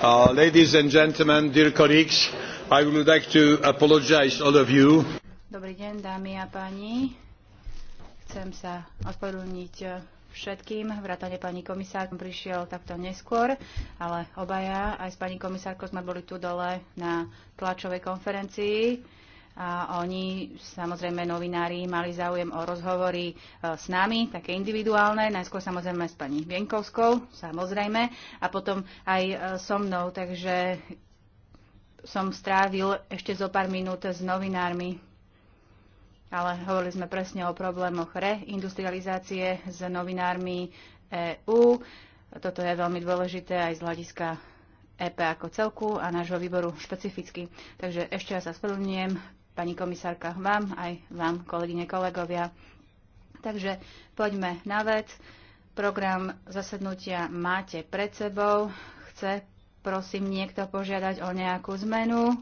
Uh, ladies and gentlemen, dear colleagues, I would like to apologize all of you. Dobrý deň, dámy a páni. Chcem sa ospravedlniť uh, všetkým, vrátane pani komisár prišiel takto neskôr, ale obaja aj s pani komisárkou sme boli tu dole na tlačovej konferencii a oni, samozrejme novinári, mali záujem o rozhovory e, s nami, také individuálne, najskôr samozrejme s pani Vienkovskou, samozrejme, a potom aj e, so mnou, takže som strávil ešte zo pár minút s novinármi, ale hovorili sme presne o problémoch reindustrializácie s novinármi EÚ. Toto je veľmi dôležité aj z hľadiska EP ako celku a nášho výboru špecificky. Takže ešte raz ja sa spodobňujem pani komisárka, vám aj vám, kolegyne, kolegovia. Takže poďme na vec. Program zasednutia máte pred sebou. Chce, prosím, niekto požiadať o nejakú zmenu?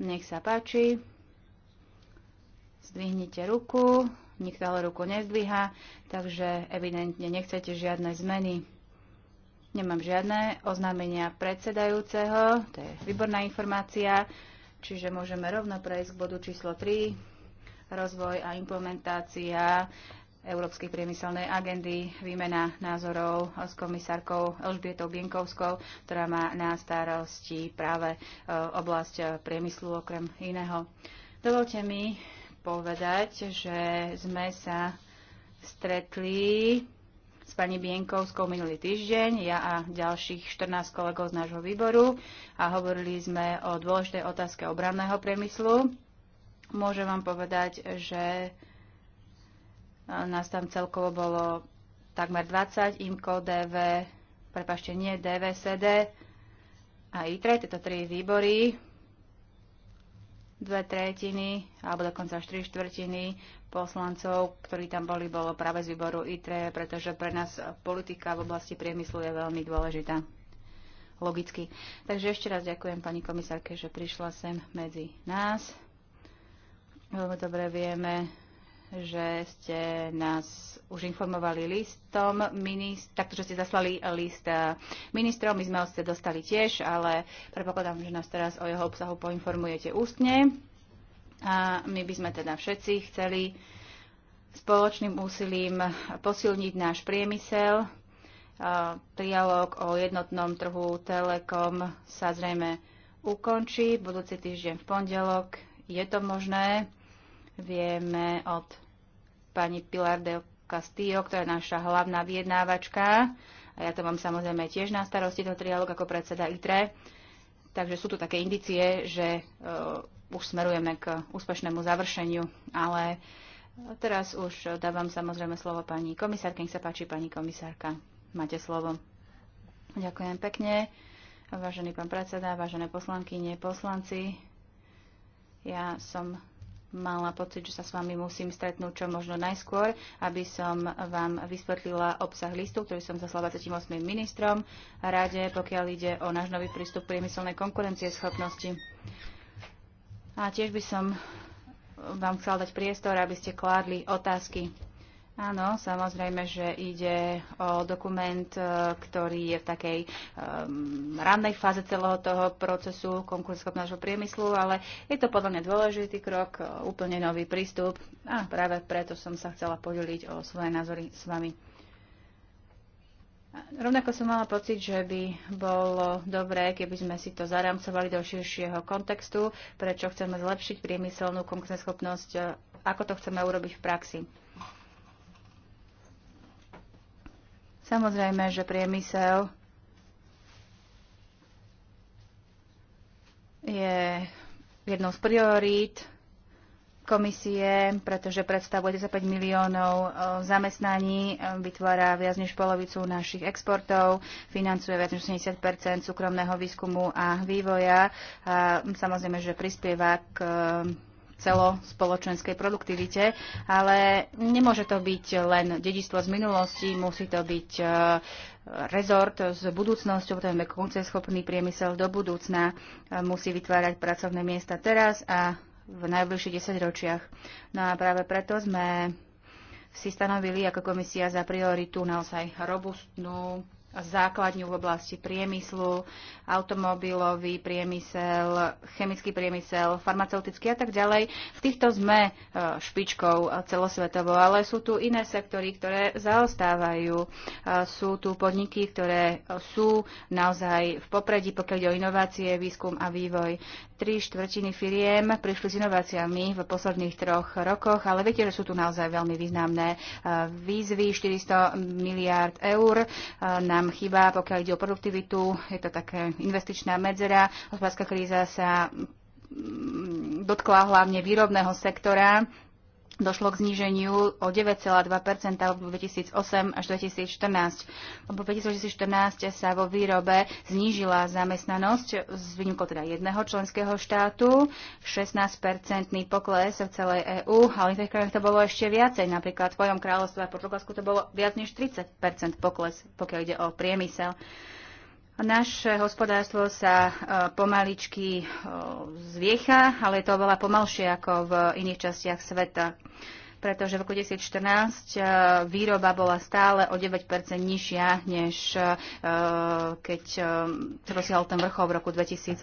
Nech sa páči. Zdvihnite ruku. Nikto ale ruku nezdvíha, takže evidentne nechcete žiadne zmeny. Nemám žiadne oznámenia predsedajúceho, to je výborná informácia. Čiže môžeme rovno prejsť k bodu číslo 3, rozvoj a implementácia Európskej priemyselnej agendy, výmena názorov s komisárkou Elžbietou Bienkovskou, ktorá má na starosti práve e, oblasť priemyslu okrem iného. Dovolte mi povedať, že sme sa stretli s pani Bienkovskou minulý týždeň, ja a ďalších 14 kolegov z nášho výboru a hovorili sme o dôležitej otázke obranného priemyslu. Môžem vám povedať, že eh, nás tam celkovo bolo takmer 20, IMCO, DV, prepašte, nie, DV, CD a ITRE, tieto tri výbory, dve tretiny, alebo dokonca až tri štvrtiny poslancov, ktorí tam boli, bolo práve z výboru ITRE, pretože pre nás politika v oblasti priemyslu je veľmi dôležitá. Logicky. Takže ešte raz ďakujem pani komisárke, že prišla sem medzi nás. Veľmi dobre vieme, že ste nás už informovali listom, minist- takto, že ste zaslali list eh, ministrov, my sme ho ste dostali tiež, ale predpokladám, že nás teraz o jeho obsahu poinformujete ústne. A my by sme teda všetci chceli spoločným úsilím posilniť náš priemysel. Trialóg o jednotnom trhu Telekom sa zrejme ukončí budúci týždeň v pondelok. Je to možné. Vieme od pani Pilar del Castillo, ktorá je naša hlavná vyjednávačka, a ja to mám samozrejme tiež na starosti, ten trialóg ako predseda ITRE, takže sú tu také indicie, že e, už smerujeme k úspešnému završeniu, ale teraz už dávam samozrejme slovo pani komisárke. Nech sa páči, pani komisárka, máte slovo. Ďakujem pekne. Vážený pán predseda, vážené poslankyne, poslanci, ja som mala pocit, že sa s vami musím stretnúť čo možno najskôr, aby som vám vysvetlila obsah listu, ktorý som zaslala 28. ministrom rade, pokiaľ ide o náš nový prístup priemyselnej konkurencie schopnosti. A tiež by som vám chcela dať priestor, aby ste kládli otázky. Áno, samozrejme, že ide o dokument, e, ktorý je v takej um, rannej fáze celého toho procesu konkurenceschopného priemyslu, ale je to podľa mňa dôležitý krok, e, úplne nový prístup a práve preto som sa chcela podeliť o svoje názory s vami. Rovnako som mala pocit, že by bolo dobré, keby sme si to zaramcovali do širšieho kontextu, prečo chceme zlepšiť priemyselnú konkurenceschopnosť, e, ako to chceme urobiť v praxi. Samozrejme, že priemysel je jednou z priorít komisie, pretože predstavuje 15 miliónov e, zamestnaní, e, vytvára viac než polovicu našich exportov, financuje viac než 70 súkromného výskumu a vývoja a samozrejme, že prispieva k e, celospoločenskej produktivite, ale nemôže to byť len dedistvo z minulosti, musí to byť rezort s budúcnosťou, to je konceschopný priemysel do budúcna, musí vytvárať pracovné miesta teraz a v najbližších desaťročiach. No a práve preto sme si stanovili ako komisia za prioritu naozaj robustnú základňu v oblasti priemyslu, automobilový priemysel, chemický priemysel, farmaceutický a tak ďalej. V týchto sme e, špičkou e, celosvetovo, ale sú tu iné sektory, ktoré zaostávajú. E, sú tu podniky, ktoré sú naozaj v popredí, pokiaľ ide o inovácie, výskum a vývoj tri štvrtiny firiem prišli s inováciami v posledných troch rokoch, ale viete, že sú tu naozaj veľmi významné eh, výzvy. 400 miliárd eur eh, nám chýba, pokiaľ ide o produktivitu. Je to taká investičná medzera. Hospodárska kríza sa mm, dotkla hlavne výrobného sektora došlo k zníženiu o 9,2 v 2008 až 2014. V 2014 sa vo výrobe znížila zamestnanosť z výnimkou teda jedného členského štátu, 16-percentný pokles v celej EÚ, ale v tých krajinách to bolo ešte viacej. Napríklad v tvojom kráľovstve a Portugalsku to bolo viac než 30 pokles, pokiaľ ide o priemysel. Naše hospodárstvo sa e, pomaličky e, zviecha, ale je to oveľa pomalšie ako v iných častiach sveta pretože v roku 2014 e, výroba bola stále o 9 nižšia, než keď dosiahol ten vrchol v roku 2008.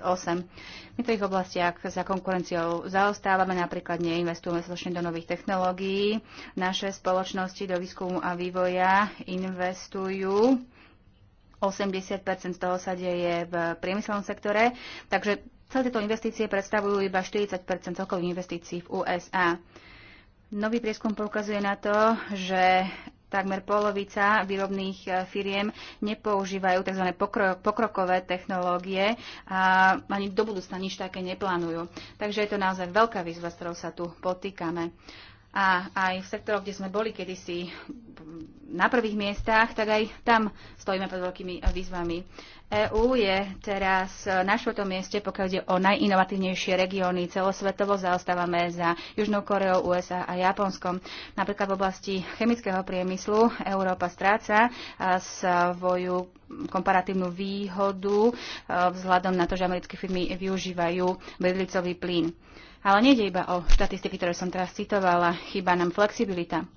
V niektorých oblastiach za konkurenciou zaostávame, napríklad neinvestujeme slušne do nových technológií. Naše spoločnosti do výskumu a vývoja investujú 80 z toho sa deje v priemyselnom sektore, takže celé tieto investície predstavujú iba 40 celkových investícií v USA. Nový prieskum poukazuje na to, že takmer polovica výrobných e, firiem nepoužívajú tzv. pokrokové technológie a ani do budúcna nič také neplánujú. Takže je to naozaj veľká výzva, s ktorou sa tu potýkame a aj v sektoroch, kde sme boli kedysi na prvých miestach, tak aj tam stojíme pod veľkými výzvami. EÚ je teraz na štvrtom mieste, pokiaľ ide o najinovatívnejšie regióny celosvetovo. Zaostávame za Južnou Koreou, USA a Japonskom. Napríklad v oblasti chemického priemyslu Európa stráca svoju komparatívnu výhodu e, vzhľadom na to, že americké firmy využívajú vedlicový plyn. Ale nejde iba o štatistiky, ktoré som teraz citovala. Chýba nám flexibilita.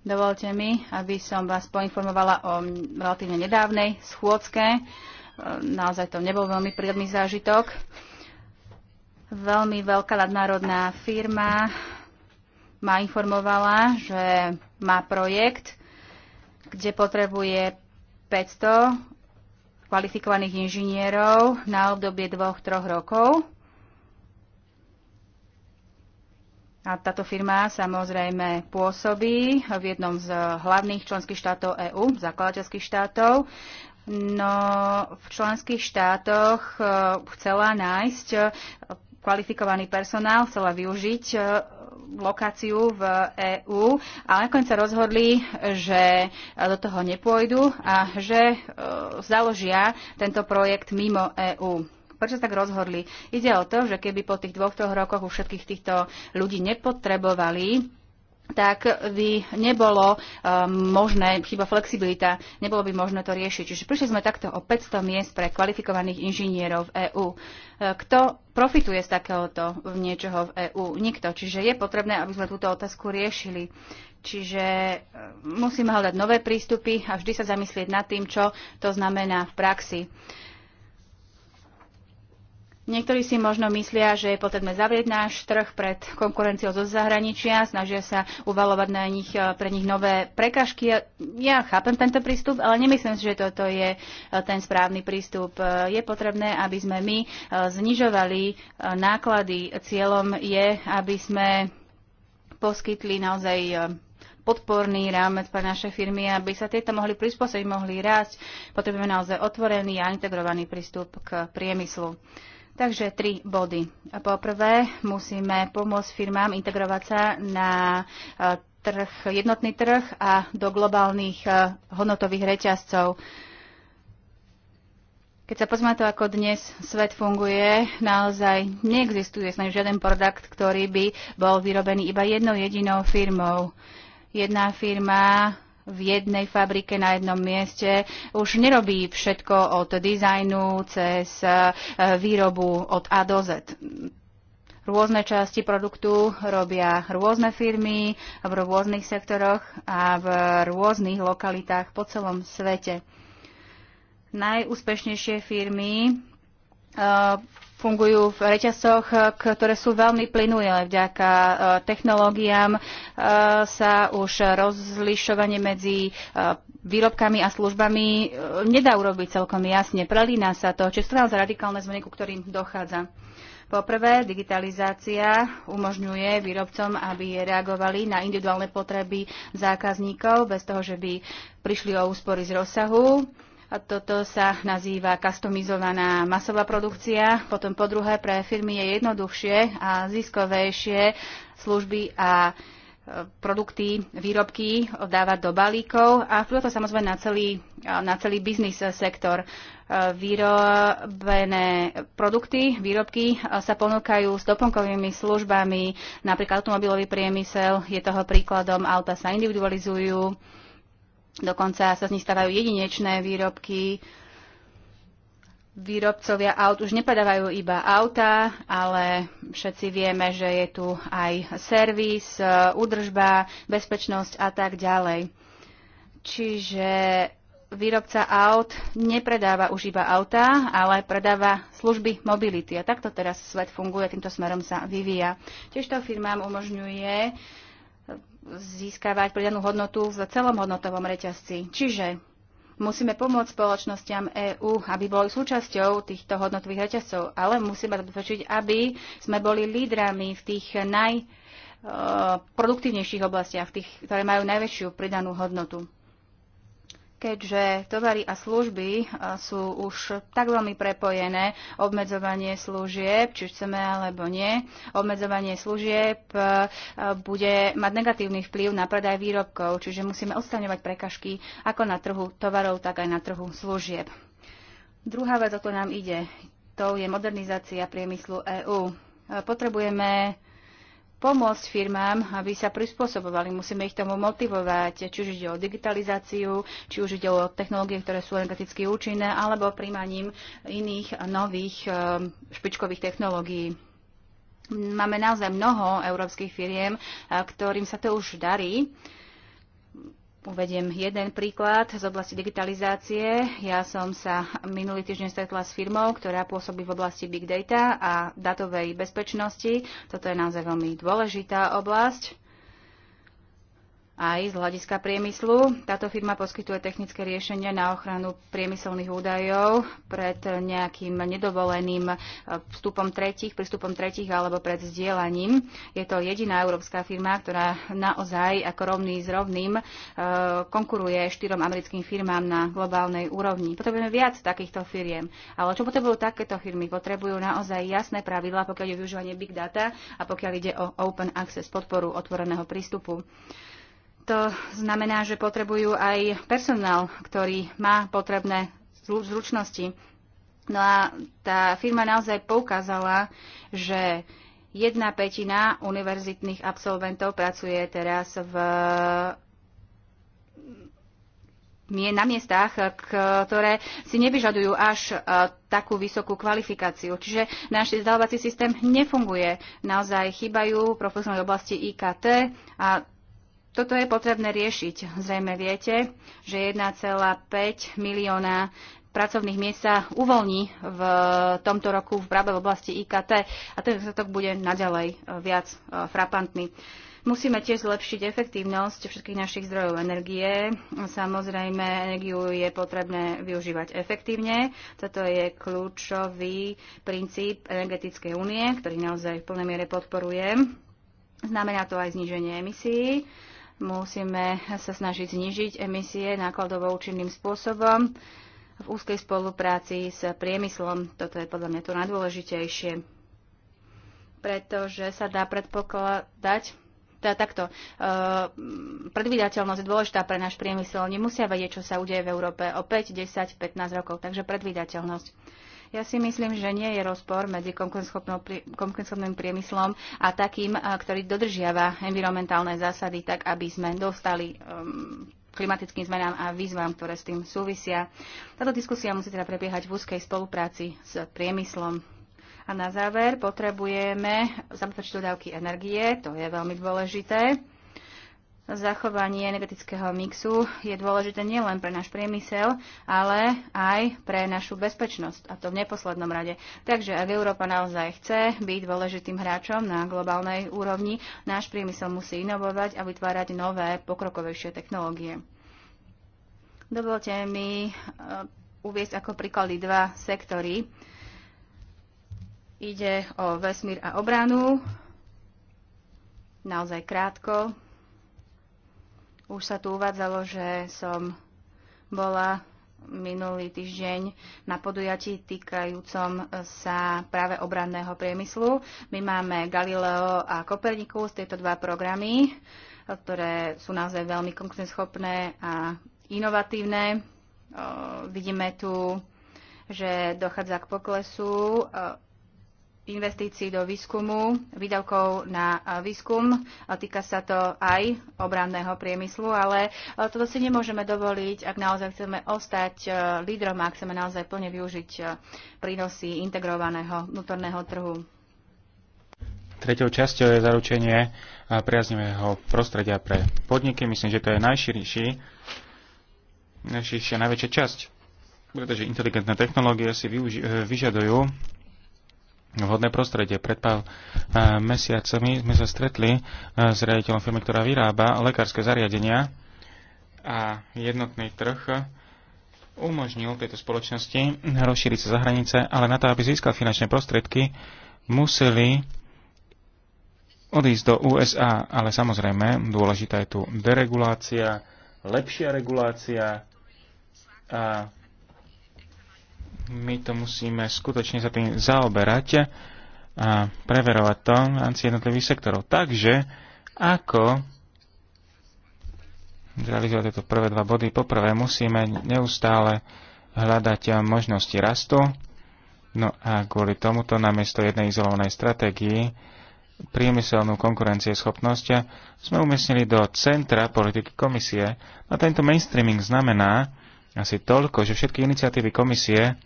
Dovolte mi, aby som vás poinformovala o relatívne nedávnej schôdzke. E, Naozaj to nebol veľmi príjemný zážitok. Veľmi veľká nadnárodná firma ma informovala, že má projekt, kde potrebuje 500 kvalifikovaných inžinierov na obdobie dvoch, troch rokov. A táto firma samozrejme pôsobí v jednom z hlavných členských štátov EÚ, zakladateľských štátov. No v členských štátoch eh, chcela nájsť eh, kvalifikovaný personál, chcela využiť eh, lokáciu v EÚ, ale nakoniec sa rozhodli, že e, do toho nepôjdu a že e, založia tento projekt mimo EÚ. Prečo sa tak rozhodli? Ide o to, že keby po tých dvoch, troch rokoch už všetkých týchto ľudí nepotrebovali, tak by nebolo um, možné, chyba flexibilita, nebolo by možné to riešiť. Čiže prišli sme takto o 500 miest pre kvalifikovaných inžinierov v EÚ. Uh, kto profituje z takéhoto niečoho v EÚ? Nikto. Čiže je potrebné, aby sme túto otázku riešili. Čiže uh, musíme hľadať nové prístupy a vždy sa zamyslieť nad tým, čo to znamená v praxi. Uh, Niektorí si možno myslia, že je potrebné zavrieť náš trh pred konkurenciou zo zahraničia, snažia sa uvalovať na nich, eh, pre nich nové prekažky. Ja chápem tento prístup, ale nemyslím si, že toto je eh, ten správny prístup. Eh, je potrebné, aby sme my znižovali náklady. Cieľom je, aby sme poskytli naozaj podporný rámec pre naše firmy, aby sa tieto mohli prispôsobiť, mohli rásť. Potrebujeme naozaj otvorený a integrovaný prístup k priemyslu. Takže tri body. Poprvé, musíme pomôcť firmám integrovať sa na e, trh, jednotný trh a do globálnych e, hodnotových reťazcov. Keď sa pozme to, ako dnes svet funguje, naozaj neexistuje snáď žiaden produkt, ktorý by bol vyrobený iba jednou jedinou firmou. Jedna firma v jednej fabrike na jednom mieste už nerobí všetko od dizajnu cez e, výrobu od A do Z. Rôzne časti produktu robia rôzne firmy v rôznych sektoroch a v rôznych lokalitách po celom svete. Najúspešnejšie firmy Eh, fungujú v reťasoch, eh, ktoré sú veľmi plynulé. Vďaka eh, technológiám sa už rozlišovanie medzi výrobkami a službami nedá urobiť celkom jasne. Prelína sa to, čo sú naozaj radikálne zmeny, ku ktorým dochádza. Poprvé, digitalizácia umožňuje výrobcom, aby reagovali na individuálne potreby zákazníkov bez toho, že by prišli o úspory z rozsahu. A toto sa nazýva customizovaná masová produkcia. Potom po druhé, pre firmy je jednoduchšie a ziskovejšie služby a e, produkty, výrobky dávať do balíkov a vplyva to samozrejme na celý, e, na celý biznis sektor. E, Výrobené produkty, výrobky sa ponúkajú s doplnkovými službami, napríklad automobilový priemysel je toho príkladom, auta sa individualizujú, Dokonca sa z nich stávajú jedinečné výrobky. Výrobcovia aut už nepredávajú iba auta, ale všetci vieme, že je tu aj servis, údržba, bezpečnosť a tak ďalej. Čiže výrobca aut nepredáva už iba auta, ale predáva služby mobility. A takto teraz svet funguje, týmto smerom sa vyvíja. Tiež to firmám umožňuje uh, získavať pridanú hodnotu v celom hodnotovom reťazci. Čiže musíme pomôcť spoločnosťam EÚ, aby boli súčasťou týchto hodnotových reťazcov, ale musíme zabezpečiť, aby sme boli lídrami v tých najproduktívnejších eh, oblastiach, tých, ktoré majú najväčšiu pridanú hodnotu keďže tovary a služby e, sú už tak veľmi prepojené, obmedzovanie služieb, či chceme alebo nie, obmedzovanie služieb e, bude mať negatívny vplyv na predaj výrobkov, čiže musíme odstraňovať prekažky ako na trhu tovarov, tak aj na trhu služieb. Druhá vec, o to nám ide, to je modernizácia priemyslu EÚ. E, potrebujeme pomôcť firmám, aby sa prispôsobovali. Musíme ich tomu motivovať, či už ide o digitalizáciu, či už ide o technológie, ktoré sú energeticky účinné, alebo príjmaním iných nových e, špičkových technológií. Máme naozaj mnoho európskych firiem, ktorým sa to už darí. Uvediem jeden príklad z oblasti digitalizácie. Ja som sa minulý týždeň stretla s firmou, ktorá pôsobí v oblasti big data a datovej bezpečnosti. Toto je naozaj veľmi dôležitá oblasť aj z hľadiska priemyslu. Táto firma poskytuje technické riešenia na ochranu priemyselných údajov pred nejakým nedovoleným e, vstupom tretich, prístupom tretich alebo pred vzdielaním. Je to jediná európska firma, ktorá naozaj ako rovný s rovným e, konkuruje štyrom americkým firmám na globálnej úrovni. Potrebujeme viac takýchto firiem. Ale čo potrebujú takéto firmy? Potrebujú naozaj jasné pravidlá, pokiaľ je využívanie big data a pokiaľ ide o open access, podporu otvoreného prístupu to znamená, že potrebujú aj personál, ktorý má potrebné zručnosti. No a tá firma naozaj poukázala, že jedna petina univerzitných absolventov pracuje teraz v na miestach, ktoré si nevyžadujú až e, takú vysokú kvalifikáciu. Čiže náš vzdelávací systém nefunguje. Naozaj chýbajú profesionálne oblasti IKT a toto je potrebné riešiť. Zrejme viete, že 1,5 milióna pracovných miest sa uvoľní v tomto roku v práve v oblasti IKT a ten výsledok bude naďalej e, viac e, frapantný. Musíme tiež zlepšiť efektívnosť všetkých našich zdrojov energie. Samozrejme, energiu je potrebné využívať efektívne. Toto je kľúčový princíp energetickej únie, ktorý naozaj v plnej miere podporujem. Znamená to aj zníženie emisí Musíme sa snažiť znižiť emisie nákladovo účinným spôsobom v úzkej spolupráci s priemyslom. Toto je podľa mňa to najdôležitejšie, pretože sa dá predpokladať, teda takto, e, predvídateľnosť je dôležitá pre náš priemysel. Nemusia vedieť, čo sa udeje v Európe o 5, 10, 15 rokov, takže predvídateľnosť. Ja si myslím, že nie je rozpor medzi konkurenceschopným priemyslom a takým, eh, ktorý dodržiava environmentálne zásady tak, aby sme dostali um, klimatickým zmenám a výzvam, ktoré s tým súvisia. Táto diskusia musí teda prebiehať v úzkej spolupráci s priemyslom. A na záver potrebujeme zabezpečiť dodávky energie, to je veľmi dôležité. Zachovanie energetického mixu je dôležité nielen pre náš priemysel, ale aj pre našu bezpečnosť, a to v neposlednom rade. Takže ak Európa naozaj chce byť dôležitým hráčom na globálnej úrovni, náš priemysel musí inovovať a vytvárať nové, pokrokovejšie technológie. Dovolte mi eh, uviezť ako príklady dva sektory. Ide o vesmír a obranu. Naozaj krátko už sa tu uvádzalo, že som bola minulý týždeň na podujatí týkajúcom sa práve obranného priemyslu. My máme Galileo a Kopernikus, tieto dva programy, ktoré sú naozaj veľmi konkurenceschopné a inovatívne. Vidíme tu, že dochádza k poklesu investícií do výskumu, výdavkov na výskum. Týka sa to aj obranného priemyslu, ale toto si nemôžeme dovoliť, ak naozaj chceme ostať lídrom a ak chceme naozaj plne využiť prínosy integrovaného vnútorného trhu. Tretou časťou je zaručenie priaznivého prostredia pre podniky. Myslím, že to je najširší, najširšia, najväčšia časť, pretože inteligentné technológie si e, vyžadujú vhodné prostredie. Pred pár eh, mesiacmi sme sa stretli eh, s riaditeľom firmy, ktorá vyrába lekárske zariadenia a jednotný trh umožnil tejto spoločnosti rozšíriť sa za hranice, ale na to, aby získal finančné prostriedky, museli odísť do USA. Ale samozrejme, dôležitá je tu deregulácia, lepšia regulácia a my to musíme skutočne sa tým zaoberať a preverovať to v rámci jednotlivých sektorov. Takže ako zrealizovať tieto prvé dva body. Poprvé musíme neustále hľadať možnosti rastu. No a kvôli tomuto namiesto jednej izolovanej stratégii priemyselnú konkurencieschopnosť sme umiestnili do centra politiky komisie. A tento mainstreaming znamená asi toľko, že všetky iniciatívy komisie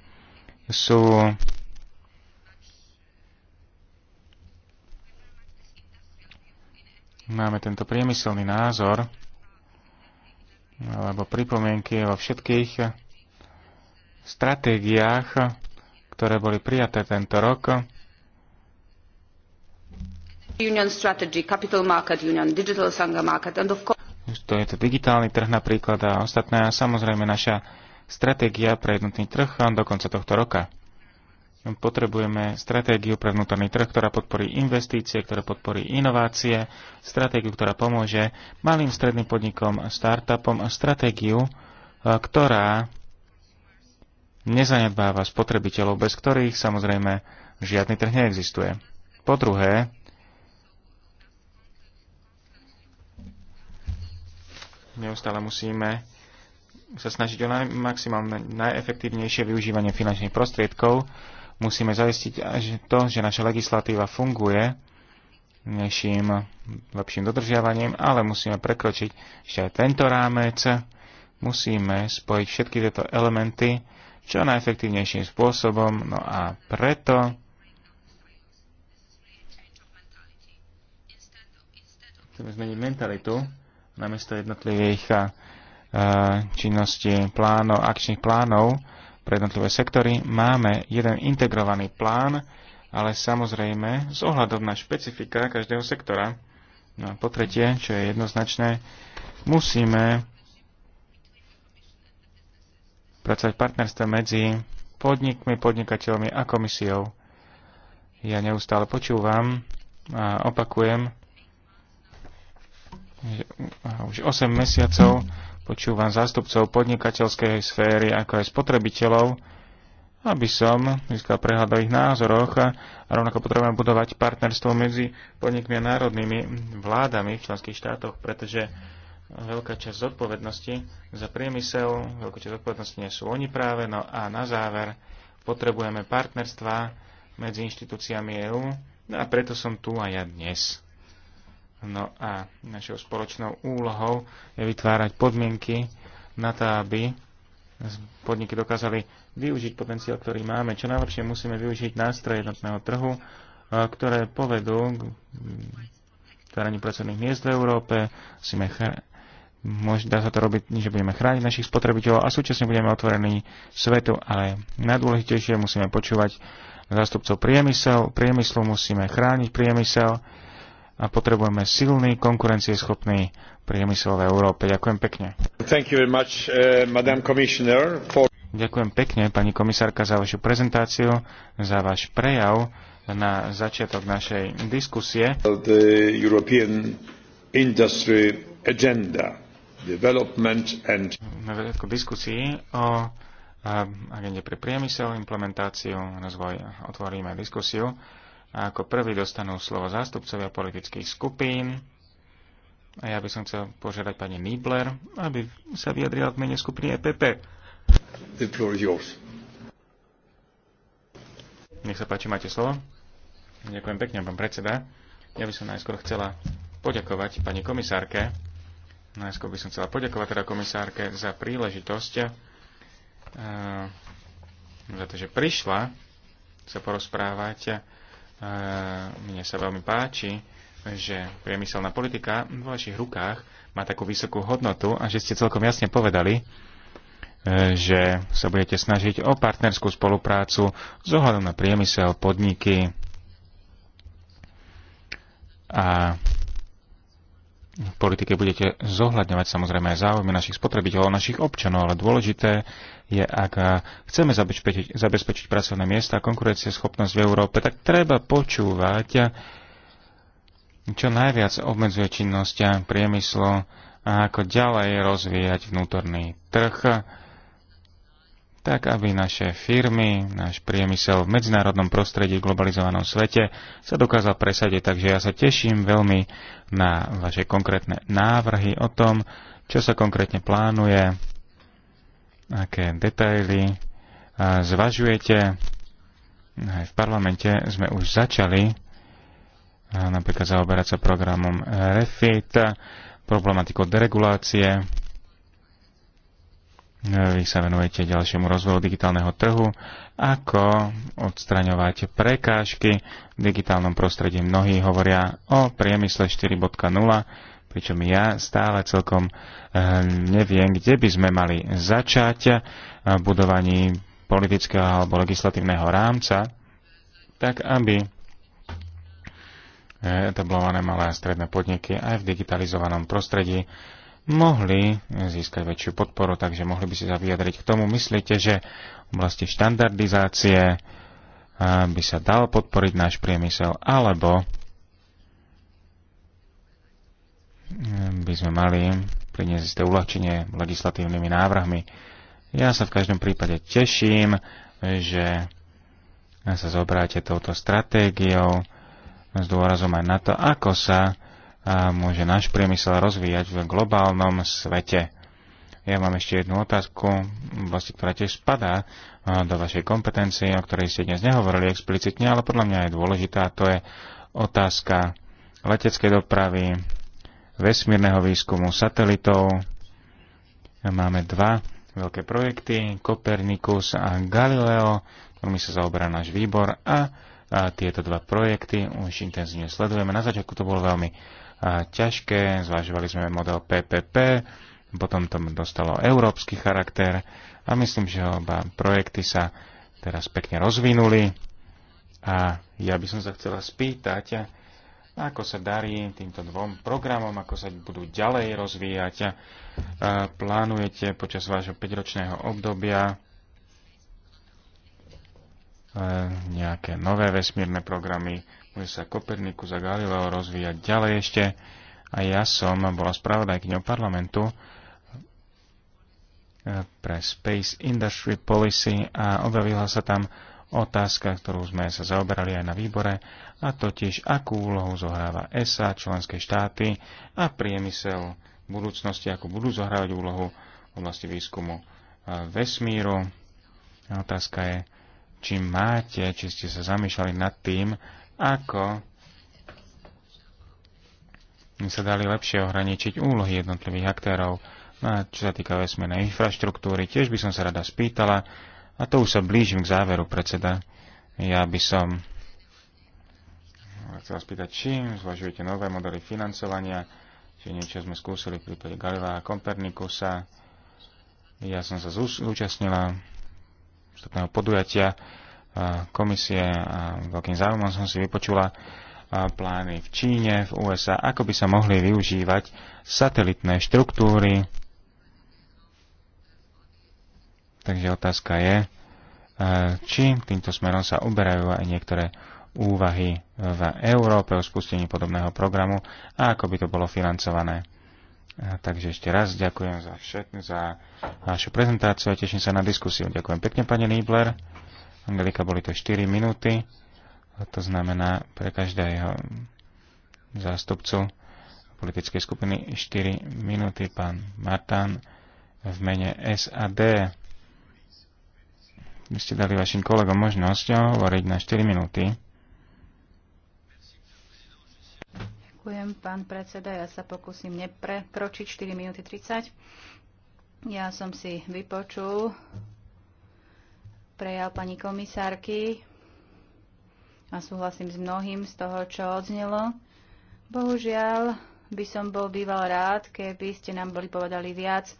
so Máme tento priemyselný názor alebo pripomienky vo všetkých stratégiách, ktoré boli prijaté tento rok. Union strategy, capital market union, digital market and of course... To je to digitálny trh napríklad a ostatné a samozrejme naša stratégia pre jednotný trh do konca tohto roka. Potrebujeme stratégiu pre vnútorný trh, ktorá podporí investície, ktorá podporí inovácie, stratégiu, ktorá pomôže malým stredným podnikom a startupom a stratégiu, ktorá nezanedbáva spotrebiteľov, bez ktorých samozrejme žiadny trh neexistuje. Po druhé, neustále musíme sa snažiť o naj, maximálne najefektívnejšie využívanie finančných prostriedkov. Musíme zaistiť až to, že naša legislatíva funguje nejším lepším dodržiavaním, ale musíme prekročiť ešte aj tento rámec. Musíme spojiť všetky tieto elementy čo najefektívnejším spôsobom. No a preto chceme zmeniť mentalitu namiesto jednotlivých činnosti plánov, akčných plánov pre jednotlivé sektory. Máme jeden integrovaný plán, ale samozrejme s ohľadom na špecifika každého sektora. No a po tretie, čo je jednoznačné, musíme pracovať v partnerstve medzi podnikmi, podnikateľmi a komisiou. Ja neustále počúvam a opakujem, že už 8 mesiacov počúvam zástupcov podnikateľskej sféry ako aj spotrebiteľov, aby som získal prehľad o ich názoroch a rovnako potrebujem budovať partnerstvo medzi podnikmi a národnými vládami v členských štátoch, pretože veľká časť zodpovednosti za priemysel, veľká časť zodpovednosti nie sú oni práve, no a na záver potrebujeme partnerstva medzi inštitúciami EÚ no a preto som tu aj ja dnes. No a našou spoločnou úlohou je vytvárať podmienky na to, aby podniky dokázali využiť potenciál, ktorý máme. Čo najlepšie musíme využiť nástroje jednotného trhu, e, ktoré povedú k vytváraniu pracovných miest v Európe. Musíme Môže, dá sa to robiť, že budeme chrániť našich spotrebiteľov a súčasne budeme otvorení svetu, ale najdôležitejšie musíme počúvať zástupcov priemysel, priemyslu musíme chrániť priemysel, a potrebujeme silný, konkurencieschopný priemysel v Európe. Ďakujem pekne. Thank you very much, uh, Madam Commissioner, for... Ďakujem pekne, pani komisárka, za vašu prezentáciu, za váš prejav na začiatok našej diskusie. The European Industry Agenda, Development and... Na začiatku diskusii o um, agende pre priemysel, implementáciu, rozvoj. Otvoríme diskusiu. A ako prvý dostanú slovo zástupcovia politických skupín. A ja by som chcel požiadať pani Nibler, aby sa vyjadrila v mene skupiny EPP. The floor is yours. Nech sa páči, máte slovo. Ďakujem pekne, pán predseda. Ja by som najskôr chcela poďakovať pani komisárke. Najskôr by som chcela poďakovať teda komisárke za príležitosť, e, za to, že prišla sa porozprávať mne sa veľmi páči, že priemyselná politika v vašich rukách má takú vysokú hodnotu a že ste celkom jasne povedali, e, že sa budete snažiť o partnerskú spoluprácu s ohľadom na priemysel, podniky a v politike budete zohľadňovať samozrejme aj záujmy našich spotrebiteľov, našich občanov, ale dôležité je, ak chceme zabezpečiť, zabezpečiť pracovné miesta a konkurencieschopnosť v Európe, tak treba počúvať, čo najviac obmedzuje činnosť priemyslu a ako ďalej rozvíjať vnútorný trh tak aby naše firmy, náš priemysel v medzinárodnom prostredí, v globalizovanom svete sa dokázal presadiť. Takže ja sa teším veľmi na vaše konkrétne návrhy o tom, čo sa konkrétne plánuje, aké detaily zvažujete. Aj v parlamente sme už začali napríklad zaoberať sa programom REFIT, problematikou deregulácie, vy sa venujete ďalšiemu rozvoju digitálneho trhu, ako odstraňovať prekážky v digitálnom prostredí. Mnohí hovoria o priemysle 4.0, pričom ja stále celkom eh, neviem, kde by sme mali začať eh, v budovaní politického alebo legislatívneho rámca, tak aby eh, etablované malé a stredné podniky aj v digitalizovanom prostredí mohli získať väčšiu podporu, takže mohli by si sa vyjadriť k tomu. Myslíte, že v oblasti štandardizácie eh, by sa dal podporiť náš priemysel, alebo eh, by sme mali priniesť isté uľahčenie legislatívnymi návrhmi. Ja sa v každom prípade teším, že sa zobráte touto stratégiou s dôrazom aj na to, ako sa môže náš priemysel rozvíjať v globálnom svete. Ja mám ešte jednu otázku, vlastne, ktorá tiež spadá do vašej kompetencie, o ktorej ste dnes nehovorili explicitne, ale podľa mňa je dôležitá. To je otázka leteckej dopravy, vesmírneho výskumu, satelitov. Máme dva veľké projekty, Kopernikus a Galileo, ktorými sa zaoberá náš výbor a, a tieto dva projekty už intenzívne sledujeme. Na začiatku to bolo veľmi ťažké, zvažovali sme model PPP, potom to dostalo európsky charakter a myslím, že oba projekty sa teraz pekne rozvinuli a ja by som sa chcela spýtať, ako sa darí týmto dvom programom, ako sa budú ďalej rozvíjať. Plánujete počas vášho 5-ročného obdobia e, nejaké nové vesmírne programy, bude sa Kopernikus a Galileo rozvíjať ďalej ešte. A ja som bola spravodajkňou parlamentu eh, pre Space Industry Policy a objavila sa tam otázka, ktorú sme sa zaoberali aj na výbore, a totiž akú úlohu zohráva ESA, členské štáty a priemysel v budúcnosti, ako budú zohrávať úlohu v oblasti výskumu eh, vesmíru. A otázka je, či máte, či ste sa zamýšľali nad tým, ako sa dali lepšie ohraničiť úlohy jednotlivých aktérov. No a čo sa týka vesmenej infraštruktúry, tiež by som sa rada spýtala, a to už sa blížim k záveru, predseda. Ja by som chcel spýtať, čím zvažujete nové modely financovania, či niečo sme skúsili v prípade Galilea a Kompernikusa. Ja som sa zúčastnila vstupného podujatia komisie a veľkým záujmom som si vypočula plány v Číne, v USA, ako by sa mohli využívať satelitné štruktúry. Takže otázka je, či týmto smerom sa uberajú aj niektoré úvahy v Európe o spustení podobného programu a ako by to bolo financované. Takže ešte raz ďakujem za, všetko, za vašu prezentáciu a teším sa na diskusiu. Ďakujem pekne, pani Niebler. Angelika boli to 4 minúty, a to znamená pre každého zástupcu politickej skupiny 4 minúty pán Martán v mene SAD. Vy ste dali vašim kolegom možnosť hovoriť na 4 minúty. Ďakujem, pán predseda. Ja sa pokúsim neprekročiť 4 minúty 30. Ja som si vypočul prejav pani komisárky a súhlasím s mnohým z toho, čo odznelo. Bohužiaľ, by som bol býval rád, keby ste nám boli povedali viac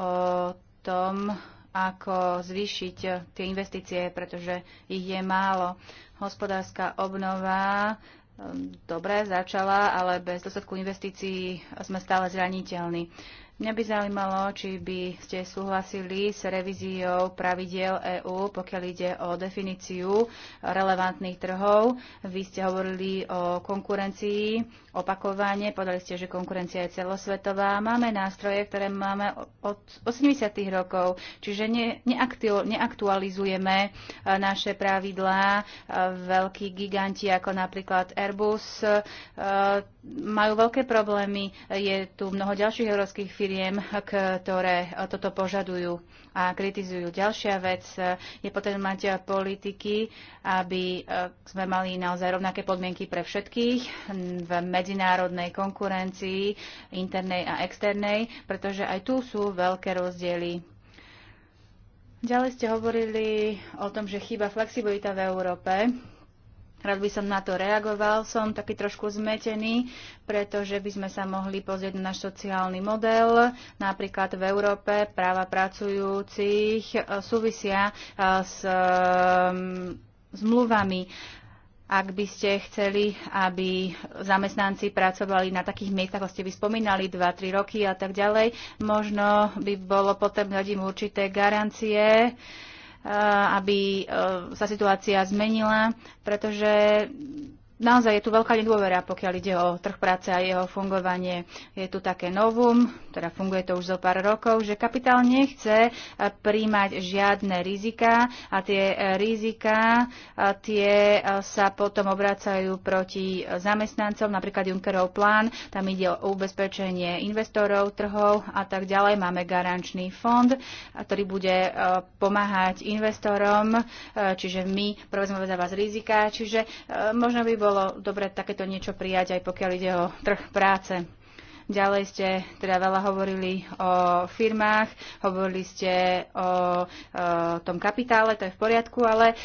o tom, ako zvýšiť tie investície, pretože ich je málo. Hospodárska obnova ehm, dobre začala, ale bez dostatku investícií sme stále zraniteľní. Mňa by zaujímalo, či by ste súhlasili s revíziou pravidiel EÚ, pokiaľ ide o definíciu relevantných trhov. Vy ste hovorili o konkurencii opakovane. Podali ste, že konkurencia je celosvetová. Máme nástroje, ktoré máme od 80. rokov, čiže ne, neaktu, neaktualizujeme e, naše pravidlá. E, veľkí giganti ako napríklad Airbus e, majú veľké problémy. Je tu mnoho ďalších európskych firiem, ktoré toto požadujú a kritizujú. Ďalšia vec je potom mať politiky, aby sme mali naozaj rovnaké podmienky pre všetkých v med- medzinárodnej konkurencii, internej a externej, pretože aj tu sú veľké rozdiely Ďalej ste hovorili o tom, že chýba flexibilita v Európe. Rád by som na to reagoval, som taký trošku zmetený, pretože by sme sa mohli pozrieť na náš sociálny model. Napríklad v Európe práva pracujúcich eh, súvisia eh, s mm, zmluvami ak by ste chceli, aby zamestnanci pracovali na takých miestach, ako ste spomínali, 2-3 roky a tak ďalej, možno by bolo potrebné dať im určité garancie, eh, aby eh, sa situácia zmenila, pretože naozaj je tu veľká nedôvera, pokiaľ ide o trh práce a jeho fungovanie. Je tu také novum, teda funguje to už zo pár rokov, že kapitál nechce eh, príjmať žiadne rizika a tie eh, rizika eh, tie sa potom obracajú proti zamestnancom, napríklad Junckerov plán, tam ide o ubezpečenie investorov, trhov a tak ďalej. Máme garančný fond, ktorý bude pomáhať investorom, čiže my provezme za vás rizika, čiže možno by bolo dobre takéto niečo prijať, aj pokiaľ ide o trh práce. Ďalej ste teda veľa hovorili o firmách, hovorili ste o, o e, tom kapitále, to je v poriadku, ale e,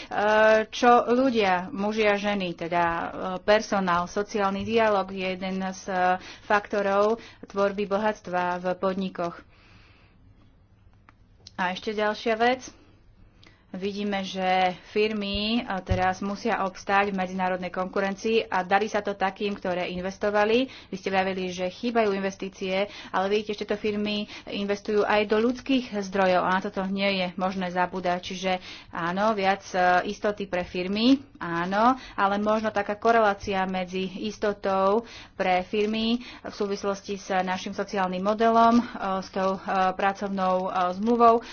čo ľudia, muži a ženy, teda e, personál, sociálny dialog je jeden z faktorov tvorby bohatstva v podnikoch. A ešte ďalšia vec Vidíme, že firmy teraz musia obstáť v medzinárodnej konkurencii a darí sa to takým, ktoré investovali. Vy ste vravili, že chýbajú investície, ale vidíte, že tieto firmy investujú aj do ľudských zdrojov a na toto nie je možné zabúdať. Čiže áno, viac e, istoty pre firmy, áno, ale možno taká korelácia medzi istotou pre firmy v súvislosti s našim sociálnym modelom, e, s tou e, pracovnou zmluvou.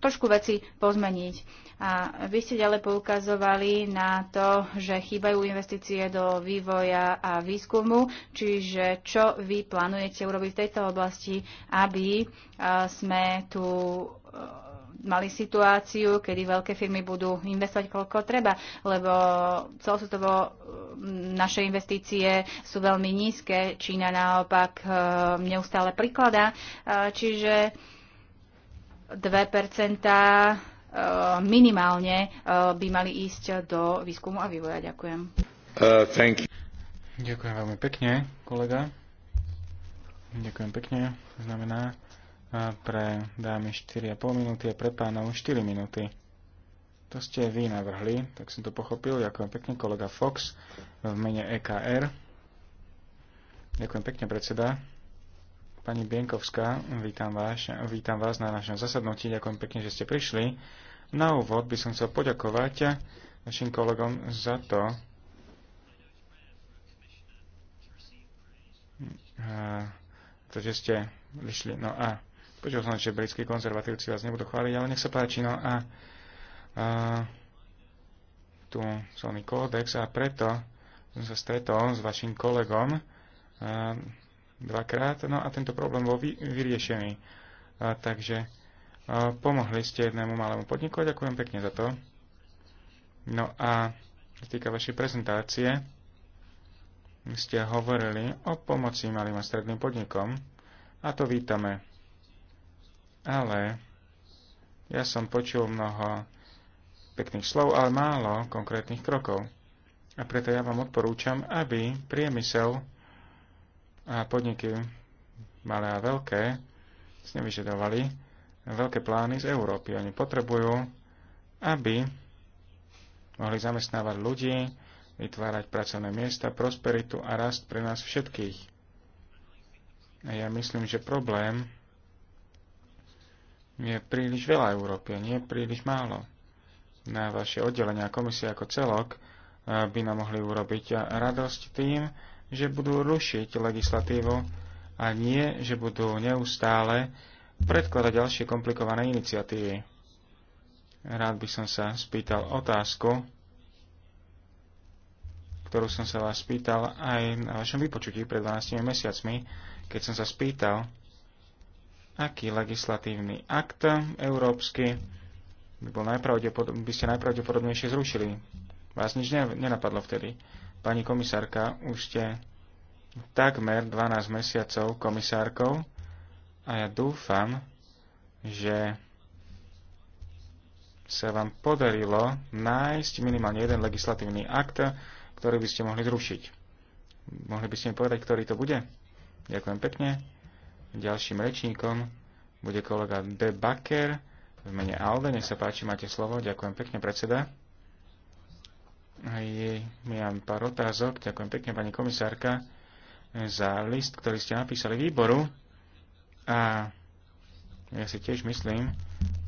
Trošku veci pozme oceniť. A vy ste ďalej poukazovali na to, že chýbajú investície do vývoja a výskumu, čiže čo vy plánujete urobiť v tejto oblasti, aby e, sme tu e, mali situáciu, kedy veľké firmy budú investovať koľko treba, lebo celosvetovo naše investície sú veľmi nízke, Čína naopak e, neustále prikladá, čiže 2% Eh, minimálne eh, by mali ísť do výskumu a vývoja. Ďakujem. Uh, Ďakujem veľmi pekne, kolega. Ďakujem pekne. Znamená eh, pre dámy 4,5 minúty a pre pánov 4 minúty. To ste vy navrhli, tak som to pochopil. Ďakujem pekne kolega Fox v mene EKR. Ďakujem pekne predseda. Pani Bienkovská, vítam vás, vítam vás na našom zasadnutí. Ďakujem pekne, že ste prišli. Na úvod by som chcel poďakovať našim kolegom za to, eh, to, že ste vyšli. No a počul som, že britskí konzervatívci vás nebudú chváliť, ale nech sa páči. No a, a eh, tu celný kódex a preto som sa stretol s vašim kolegom a, eh, dvakrát, no a tento problém bol vy, vyriešený. A, takže a, pomohli ste jednému malému podniku a ďakujem pekne za to. No a týka vašej prezentácie, ste hovorili o pomoci malým a stredným podnikom a to vítame. Ale ja som počul mnoho pekných slov, ale málo konkrétnych krokov. A preto ja vám odporúčam, aby priemysel a podniky malé a veľké si nevyžadovali veľké plány z Európy. Oni potrebujú, aby mohli zamestnávať ľudí, vytvárať pracovné miesta, prosperitu a rast pre nás všetkých. A ja myslím, že problém je príliš veľa Európy a nie príliš málo. Na vaše oddelenia a komisie ako celok eh, by nám mohli urobiť eh, radosť tým, že budú rušiť legislatívu a nie, že budú neustále predkladať ďalšie komplikované iniciatívy. Rád by som sa spýtal otázku, ktorú som sa vás spýtal aj na vašom vypočutí pred 12 mesiacmi, keď som sa spýtal, aký legislatívny akt európsky by, bol by ste najpravdepodobnejšie zrušili. Vás nič nenapadlo vtedy. Pani komisárka, už ste takmer 12 mesiacov komisárkou a ja dúfam, že sa vám podarilo nájsť minimálne jeden legislatívny akt, ktorý by ste mohli zrušiť. Mohli by ste mi povedať, ktorý to bude? Ďakujem pekne. Ďalším rečníkom bude kolega De Baker v mene Alde. Nech sa páči, máte slovo. Ďakujem pekne, predseda. Aj jej mám pár otázok. Ďakujem pekne, pani komisárka, za list, ktorý ste napísali výboru. A ja si tiež myslím,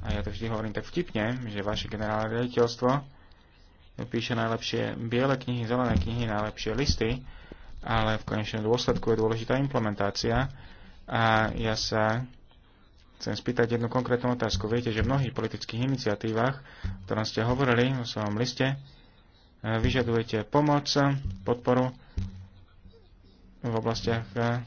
a ja to vždy hovorím tak vtipne, že vaše generálne riaditeľstvo píše najlepšie biele knihy, zelené knihy, najlepšie listy, ale v konečnom dôsledku je dôležitá implementácia. A ja sa chcem spýtať jednu konkrétnu otázku. Viete, že v mnohých politických iniciatívach, o ktorom ste hovorili v svojom liste, vyžadujete pomoc, podporu v oblastiach, eh,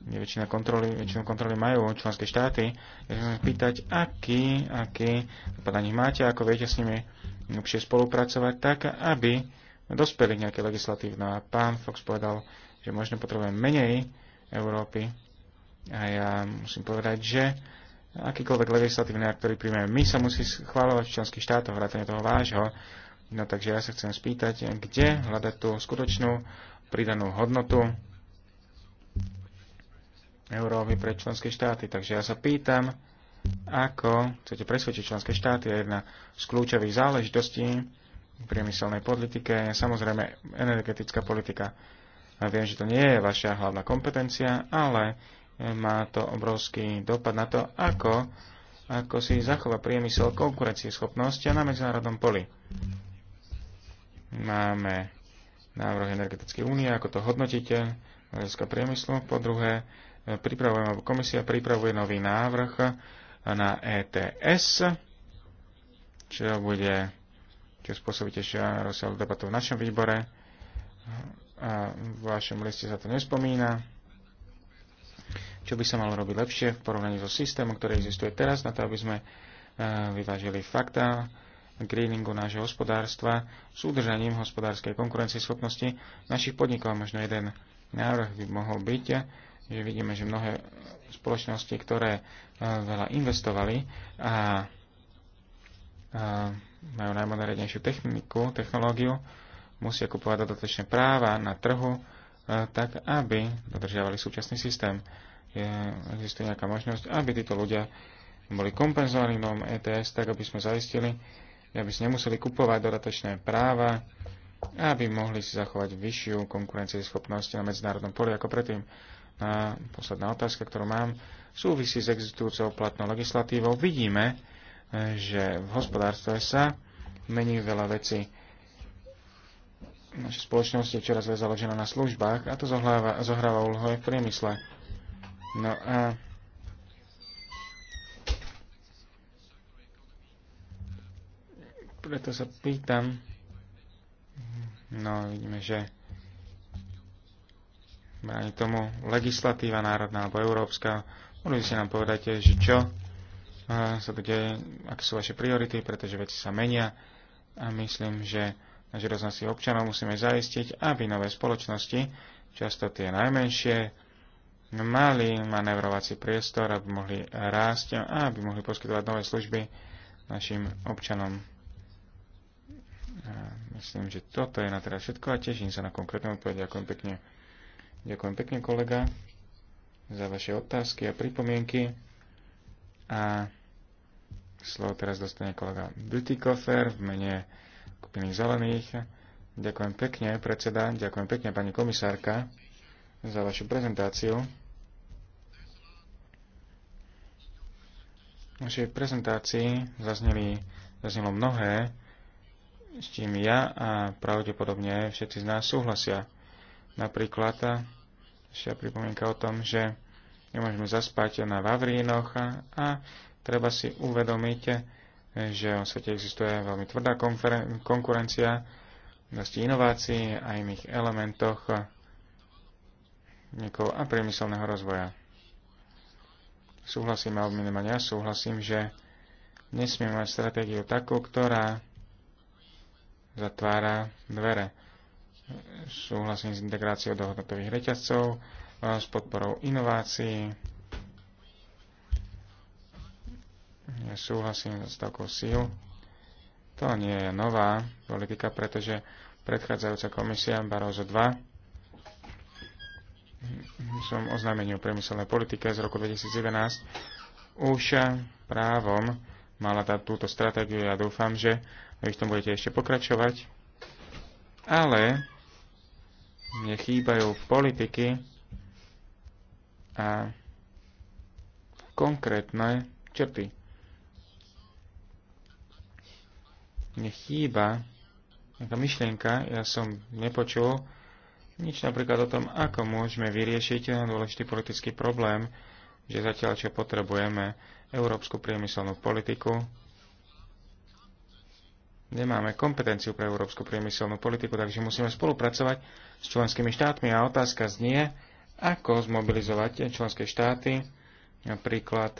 kde väčšina kontroly, väčšinu kontroly majú členské štáty. Ja chcem pýtať, aký, aký podaní máte, ako viete s nimi lepšie spolupracovať, tak aby dospeli k nejaké legislatívne. No a pán Fox povedal, že možno potrebujeme menej Európy. A ja musím povedať, že akýkoľvek legislatívny akt, ktorý príjmeme my, sa musí schváľovať v členských štátoch, vrátane toho vášho, No takže ja sa chcem spýtať, kde hľadať tú skutočnú pridanú hodnotu Európy pre členské štáty. Takže ja sa pýtam, ako chcete presvedčiť členské štáty a jedna z kľúčových záležitostí v priemyselnej politike je samozrejme energetická politika. A viem, že to nie je vaša hlavná kompetencia, ale má to obrovský dopad na to, ako, ako si zachová priemysel konkurencieschopnosť na medzinárodnom poli. Máme návrh energetickej únie, ako to hodnotíte, hľadiska priemyslu. Po druhé, e, pripravujeme, komisia pripravuje nový návrh na ETS, čo bude čo spôsobitejšia e, rozsiahlu debatu v našom výbore. A v vašom liste sa to nespomína. Čo by sa malo robiť lepšie v porovnaní so systémom, ktorý existuje teraz, na to, aby sme e, vyvážili fakta, greeningu nášho hospodárstva s udržaním hospodárskej konkurencieschopnosti našich podnikov. Možno jeden návrh by mohol byť, že vidíme, že mnohé spoločnosti, ktoré e, veľa investovali a majú najmodernejšiu techniku, technológiu, musia kupovať dodatočné práva na trhu, e, tak aby dodržiavali súčasný systém. Je, existuje nejaká možnosť, aby títo ľudia boli kompenzovaní v novom ETS, tak aby sme zaistili, aby si nemuseli kupovať dodatočné práva, aby mohli si zachovať vyššiu konkurencieschopnosť na medzinárodnom poli ako predtým. A posledná otázka, ktorú mám, súvisí s existujúcou platnou legislatívou. Vidíme, že v hospodárstve sa mení veľa veci. Naša spoločnosť je čoraz viac založená na službách a to zohráva, zohráva úlohu aj v priemysle. No a Preto sa pýtam, no vidíme, že bráni tomu legislatíva národná alebo európska. Môžete si nám povedať, že čo sa tu deje, aké sú vaše priority, pretože veci sa menia a myslím, že naši roznosť občanov musíme zaistiť, aby nové spoločnosti, často tie najmenšie, mali manevrovací priestor, aby mohli rásť a aby mohli poskytovať nové služby našim občanom. Myslím, že toto je na teraz všetko a teším sa na konkrétne odpovede. Ďakujem pekne. Ďakujem pekne, kolega, za vaše otázky a pripomienky. A slovo teraz dostane kolega Butikofer v mene skupiny zelených. Ďakujem pekne, predseda. Ďakujem pekne, pani komisárka, za vašu prezentáciu. V našej prezentácii zazneli, zaznelo mnohé, s tým ja a pravdepodobne všetci z nás súhlasia. Napríklad ešte pripomienka o tom, že nemôžeme zaspať na Vavrínoch a, a treba si uvedomiť, že v svete existuje veľmi tvrdá konkurencia, dosti inovácií a iných elementoch a priemyselného rozvoja. Súhlasím, alebo minimálne ja súhlasím, že nesmieme mať stratégiu takú, ktorá zatvára dvere. Súhlasím s integráciou dohodnotových reťazcov, s podporou inovácií. Ja súhlasím s takou síl. To nie je nová politika, pretože predchádzajúca komisia Barozo 2 som oznámení o priemyselnej politike z roku 2011 už právom mala dať túto stratégiu. Ja dúfam, že vy v tom budete ešte pokračovať. Ale mne chýbajú politiky a konkrétne črty. Mne chýba nejaká myšlienka, ja som nepočul nič napríklad o tom, ako môžeme vyriešiť dôležitý politický problém, že zatiaľ čo potrebujeme európsku priemyselnú politiku. Nemáme kompetenciu pre európsku priemyselnú politiku, takže musíme spolupracovať s členskými štátmi a otázka znie, ako zmobilizovať členské štáty, napríklad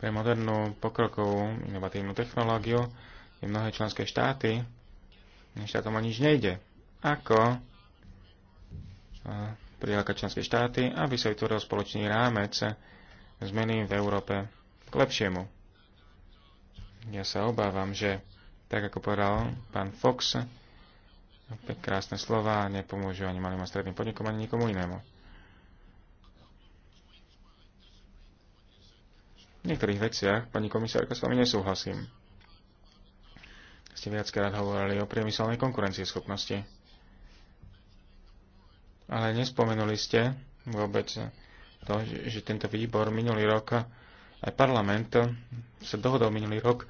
pre modernú pokrokovú inovatívnu technológiu je mnohé členské štáty, štátom o nič nejde. Ako prilákať členské štáty, aby sa vytvoril spoločný rámec zmeny v Európe k lepšiemu. Ja sa obávam, že tak ako povedal pán Fox, krásne slova nepomôžu ani malým a stredným podnikom, ani nikomu inému. V niektorých veciach, pani komisárka, s vami nesúhlasím. Ste viackrát hovorili o priemyselnej konkurencieschopnosti. Ale nespomenuli ste vôbec to, že tento výbor minulý rok, aj parlament sa dohodol minulý rok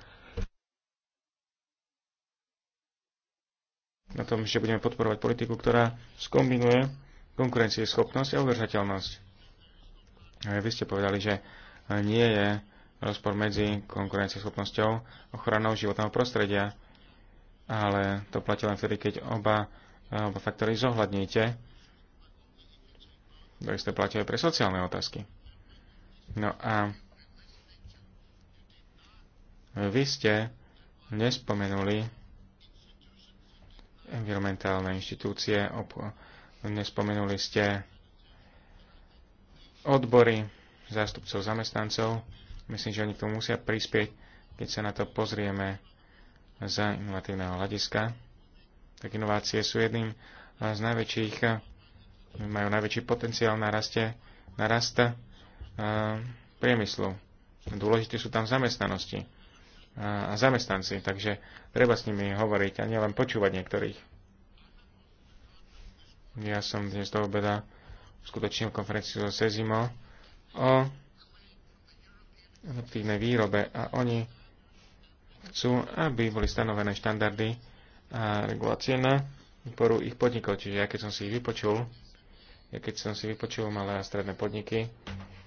na tom, že budeme podporovať politiku, ktorá skombinuje konkurencieschopnosť a udržateľnosť. Vy ste povedali, že nie je rozpor medzi konkurencieschopnosťou a ochranou životného prostredia, ale to platí len vtedy, keď oba, oba faktory zohľadníte to isté platí aj pre sociálne otázky. No a vy ste nespomenuli environmentálne inštitúcie, nespomenuli ste odbory zástupcov zamestnancov. Myslím, že oni k tomu musia prispieť, keď sa na to pozrieme za inovatívneho hľadiska. Tak inovácie sú jedným z najväčších majú najväčší potenciál na raste, na rasta eh, priemyslu. Dôležité sú tam zamestnanosti eh, a zamestnanci, takže treba s nimi hovoriť a nielen počúvať niektorých. Ja som dnes do obeda skutočnil konferenciu so Sezimo o efektívnej výrobe a oni chcú, aby boli stanovené štandardy a regulácie na podporu ich podnikov. Čiže ja keď som si ich vypočul, ja keď som si vypočul malé a stredné podniky,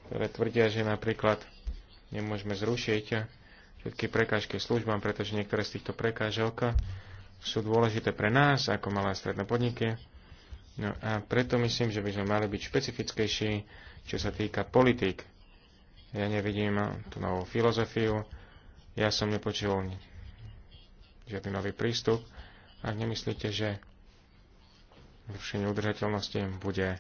ktoré tvrdia, že napríklad nemôžeme zrušiť všetky prekážky službám, pretože niektoré z týchto prekážok sú dôležité pre nás ako malé a stredné podniky. No a preto myslím, že by sme mali byť špecifickejší, čo sa týka politik. Ja nevidím tú novú filozofiu, ja som nepočul žiadny nový prístup. Ak nemyslíte, že zrušenie udržateľnosti bude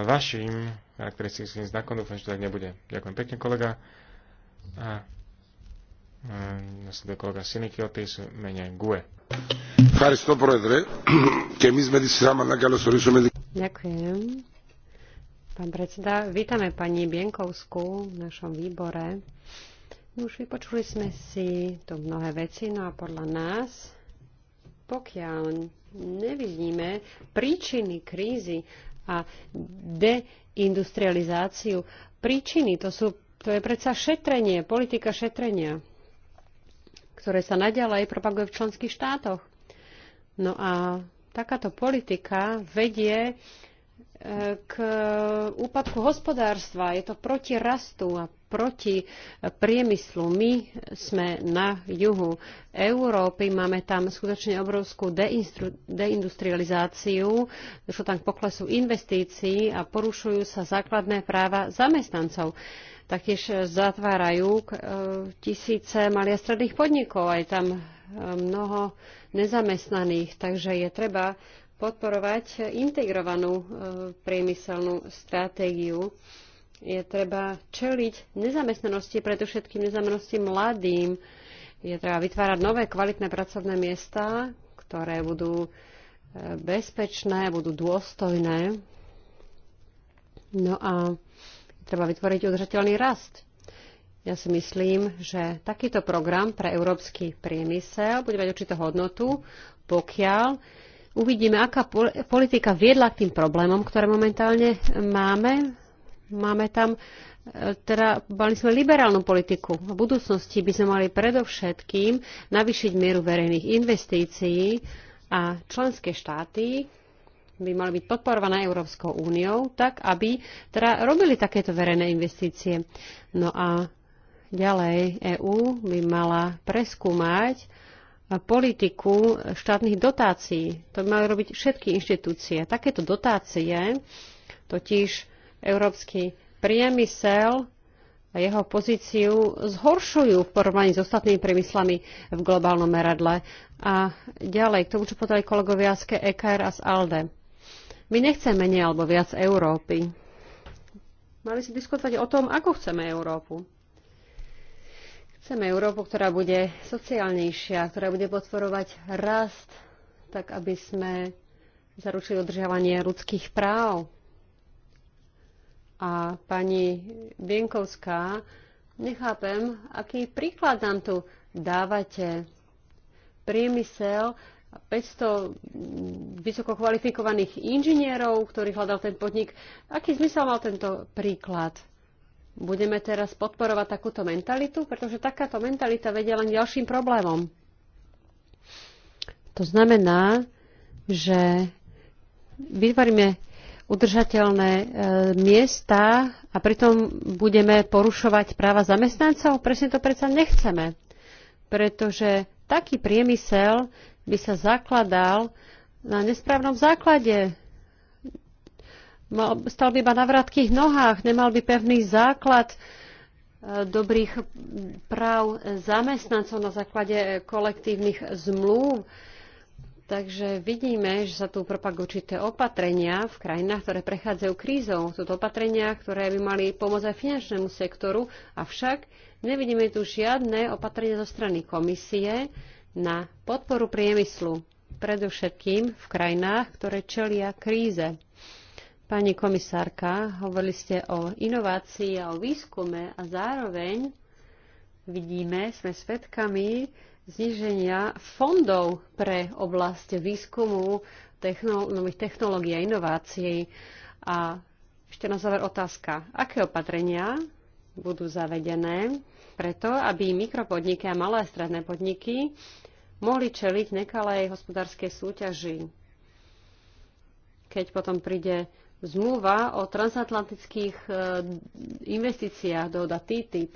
vašim charakteristickým znakom. Dúfam, že to tak nebude. Ďakujem pekne, kolega. A nasleduje kolega Sinikiotis, menej GUE. Ďakujem. Pán predseda, vítame pani Bienkovskú v našom výbore. Už vypočuli sme si tu mnohé veci, no a podľa nás, pokiaľ nevidíme príčiny krízy, a deindustrializáciu. Príčiny to, sú, to je predsa šetrenie, politika šetrenia, ktoré sa naďalej propaguje v členských štátoch. No a takáto politika vedie k úpadku hospodárstva. Je to proti rastu a proti priemyslu. My sme na juhu Európy, máme tam skutočne obrovskú deindustrializáciu, došlo tam k poklesu investícií a porušujú sa základné práva zamestnancov. Taktiež zatvárajú e, tisíce malých a stredných podnikov, aj tam e, mnoho nezamestnaných, takže je treba podporovať integrovanú e, priemyselnú stratégiu. Je treba čeliť nezamestnanosti, predovšetkým nezamestnanosti mladým. Je treba vytvárať nové kvalitné pracovné miesta, ktoré budú e, bezpečné, budú dôstojné. No a treba vytvoriť udržateľný rast. Ja si myslím, že takýto program pre európsky priemysel bude mať určitú hodnotu, pokiaľ uvidíme, aká politika viedla k tým problémom, ktoré momentálne máme. Máme tam, e, teda mali sme liberálnu politiku. V budúcnosti by sme mali predovšetkým navýšiť mieru verejných investícií a členské štáty by mali byť podporované Európskou úniou, tak aby teda robili takéto verejné investície. No a ďalej EÚ by mala preskúmať politiku štátnych dotácií. To by mali robiť všetky inštitúcie. Takéto dotácie totiž európsky priemysel a jeho pozíciu zhoršujú v porovnaní s ostatnými priemyslami v globálnom meradle. A ďalej, k tomu, čo povedali kolegovia z EKR a z ALDE. My nechceme menej alebo viac Európy. Mali si diskutovať o tom, ako chceme Európu. Chceme Európu, ktorá bude sociálnejšia, ktorá bude podporovať rast, tak aby sme zaručili održiavanie ľudských práv. A pani Bienkovská, nechápem, aký príklad nám tu dávate. Priemysel 500 vysoko kvalifikovaných inžinierov, ktorí hľadal ten podnik. Aký zmysel mal tento príklad? Budeme teraz podporovať takúto mentalitu, pretože takáto mentalita vedia len ďalším problémom. To znamená, že vytvoríme udržateľné e, miesta a pritom budeme porušovať práva zamestnancov? Presne to predsa nechceme, pretože taký priemysel by sa zakladal na nesprávnom základe stal by iba na vratkých nohách, nemal by pevný základ e, dobrých práv zamestnancov na základe e, kolektívnych zmluv. Takže vidíme, že sa tu propagujú určité opatrenia v krajinách, ktoré prechádzajú krízou. Sú to opatrenia, ktoré by mali pomôcť aj finančnému sektoru, avšak nevidíme tu žiadne opatrenia zo strany komisie na podporu priemyslu, predovšetkým v krajinách, ktoré čelia kríze. Pani komisárka, hovorili ste o inovácii a o výskume a zároveň vidíme, sme svedkami zniženia fondov pre oblasť výskumu, nových technológií a inovácií. A ešte na záver otázka. Aké opatrenia budú zavedené preto, aby mikropodniky a malé a stredné podniky mohli čeliť nekalej hospodárskej súťaži? Keď potom príde zmluva o transatlantických e, investíciách, dohoda TTIP,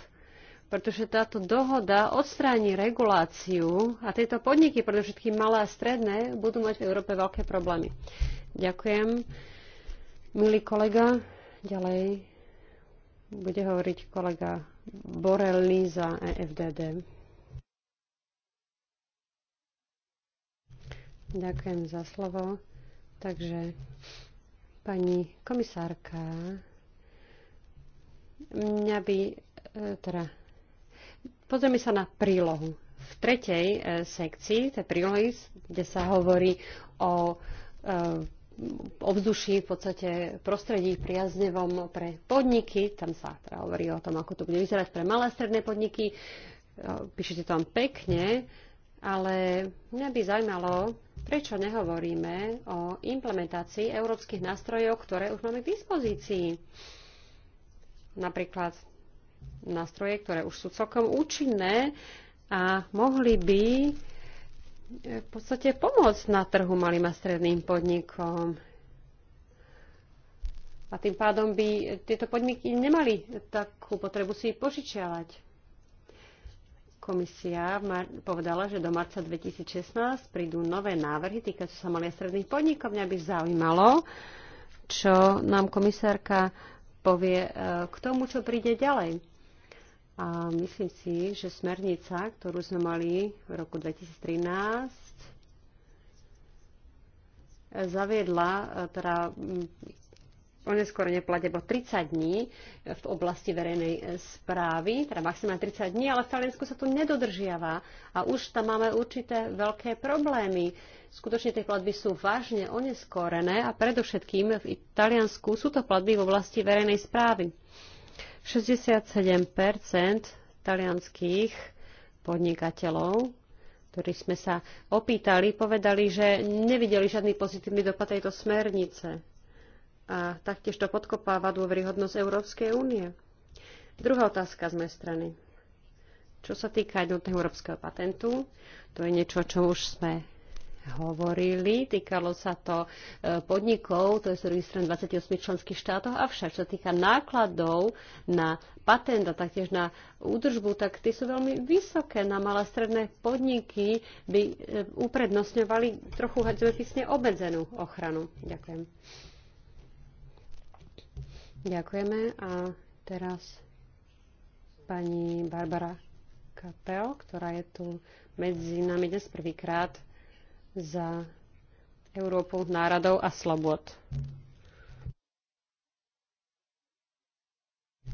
pretože táto dohoda odstráni reguláciu a tieto podniky, predovšetkým malé a stredné, budú mať v Európe veľké problémy. Ďakujem. Milý kolega, ďalej bude hovoriť kolega Borelli za EFDD. Ďakujem za slovo. Takže Pani komisárka, mňa by e, teda... Pozrieme sa na prílohu. V tretej e, sekcii, tej prílohy, kde sa hovorí o e, ovzduší, v podstate prostredí priaznevom pre podniky. Tam sa teda hovorí o tom, ako to bude vyzerať pre malé a stredné podniky. Píšete tam pekne, ale mňa by zaujímalo, Prečo nehovoríme o implementácii európskych nástrojov, ktoré už máme k dispozícii? Napríklad nástroje, ktoré už sú celkom účinné a mohli by e, v podstate pomôcť na trhu malým a stredným podnikom. A tým pádom by tieto podniky nemali takú potrebu si požičiavať. Komisia povedala, že do marca 2016 prídu nové návrhy týkajúce sa malých stredných podnikov. Mňa by zaujímalo, čo nám komisárka povie e, k tomu, čo príde ďalej. A myslím si, že smernica, ktorú sme mali v roku 2013, e, zaviedla e, teda oneskorene po 30 dní v oblasti verejnej správy, teda maximálne 30 dní, ale v Taliansku sa to nedodržiava a už tam máme určité veľké problémy. Skutočne tie platby sú vážne oneskorené a predovšetkým v Taliansku sú to platby v oblasti verejnej správy. 67 talianských podnikateľov ktorí sme sa opýtali, povedali, že nevideli žiadny pozitívny dopad tejto smernice a taktiež to podkopáva dôveryhodnosť Európskej únie. Druhá otázka z mojej strany. Čo sa týka jednotného európskeho patentu, to je niečo, čo už sme hovorili. Týkalo sa to e, podnikov, to je z druhých stran 28 členských štátov, avšak čo sa týka nákladov na patent a taktiež na údržbu, tak tie sú veľmi vysoké. Na malé stredné podniky by e, uprednostňovali trochu zemepisne obmedzenú ochranu. Ďakujem. Ďakujeme a teraz pani Barbara Kapel, ktorá je tu medzi nami dnes prvýkrát za Európu národov a slobod.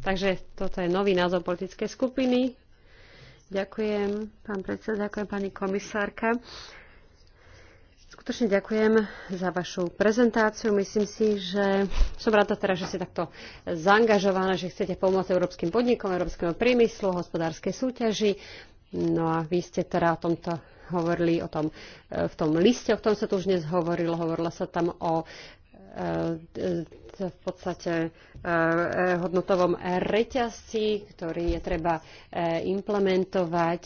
Takže toto je nový názov politickej skupiny. Ďakujem, pán predseda, ďakujem pani komisárka. Skutočne ďakujem za vašu prezentáciu. Myslím si, že som rada teraz, že ste takto zaangažovaná, že chcete pomôcť európskym podnikom, európskemu priemyslu, hospodárskej súťaži. No a vy ste teda o tomto hovorili o tom, e, v tom liste, o ktorom sa tu už dnes hovorilo, hovorilo sa tam o e, e, v podstate hodnotovom reťazci, ktorý je treba implementovať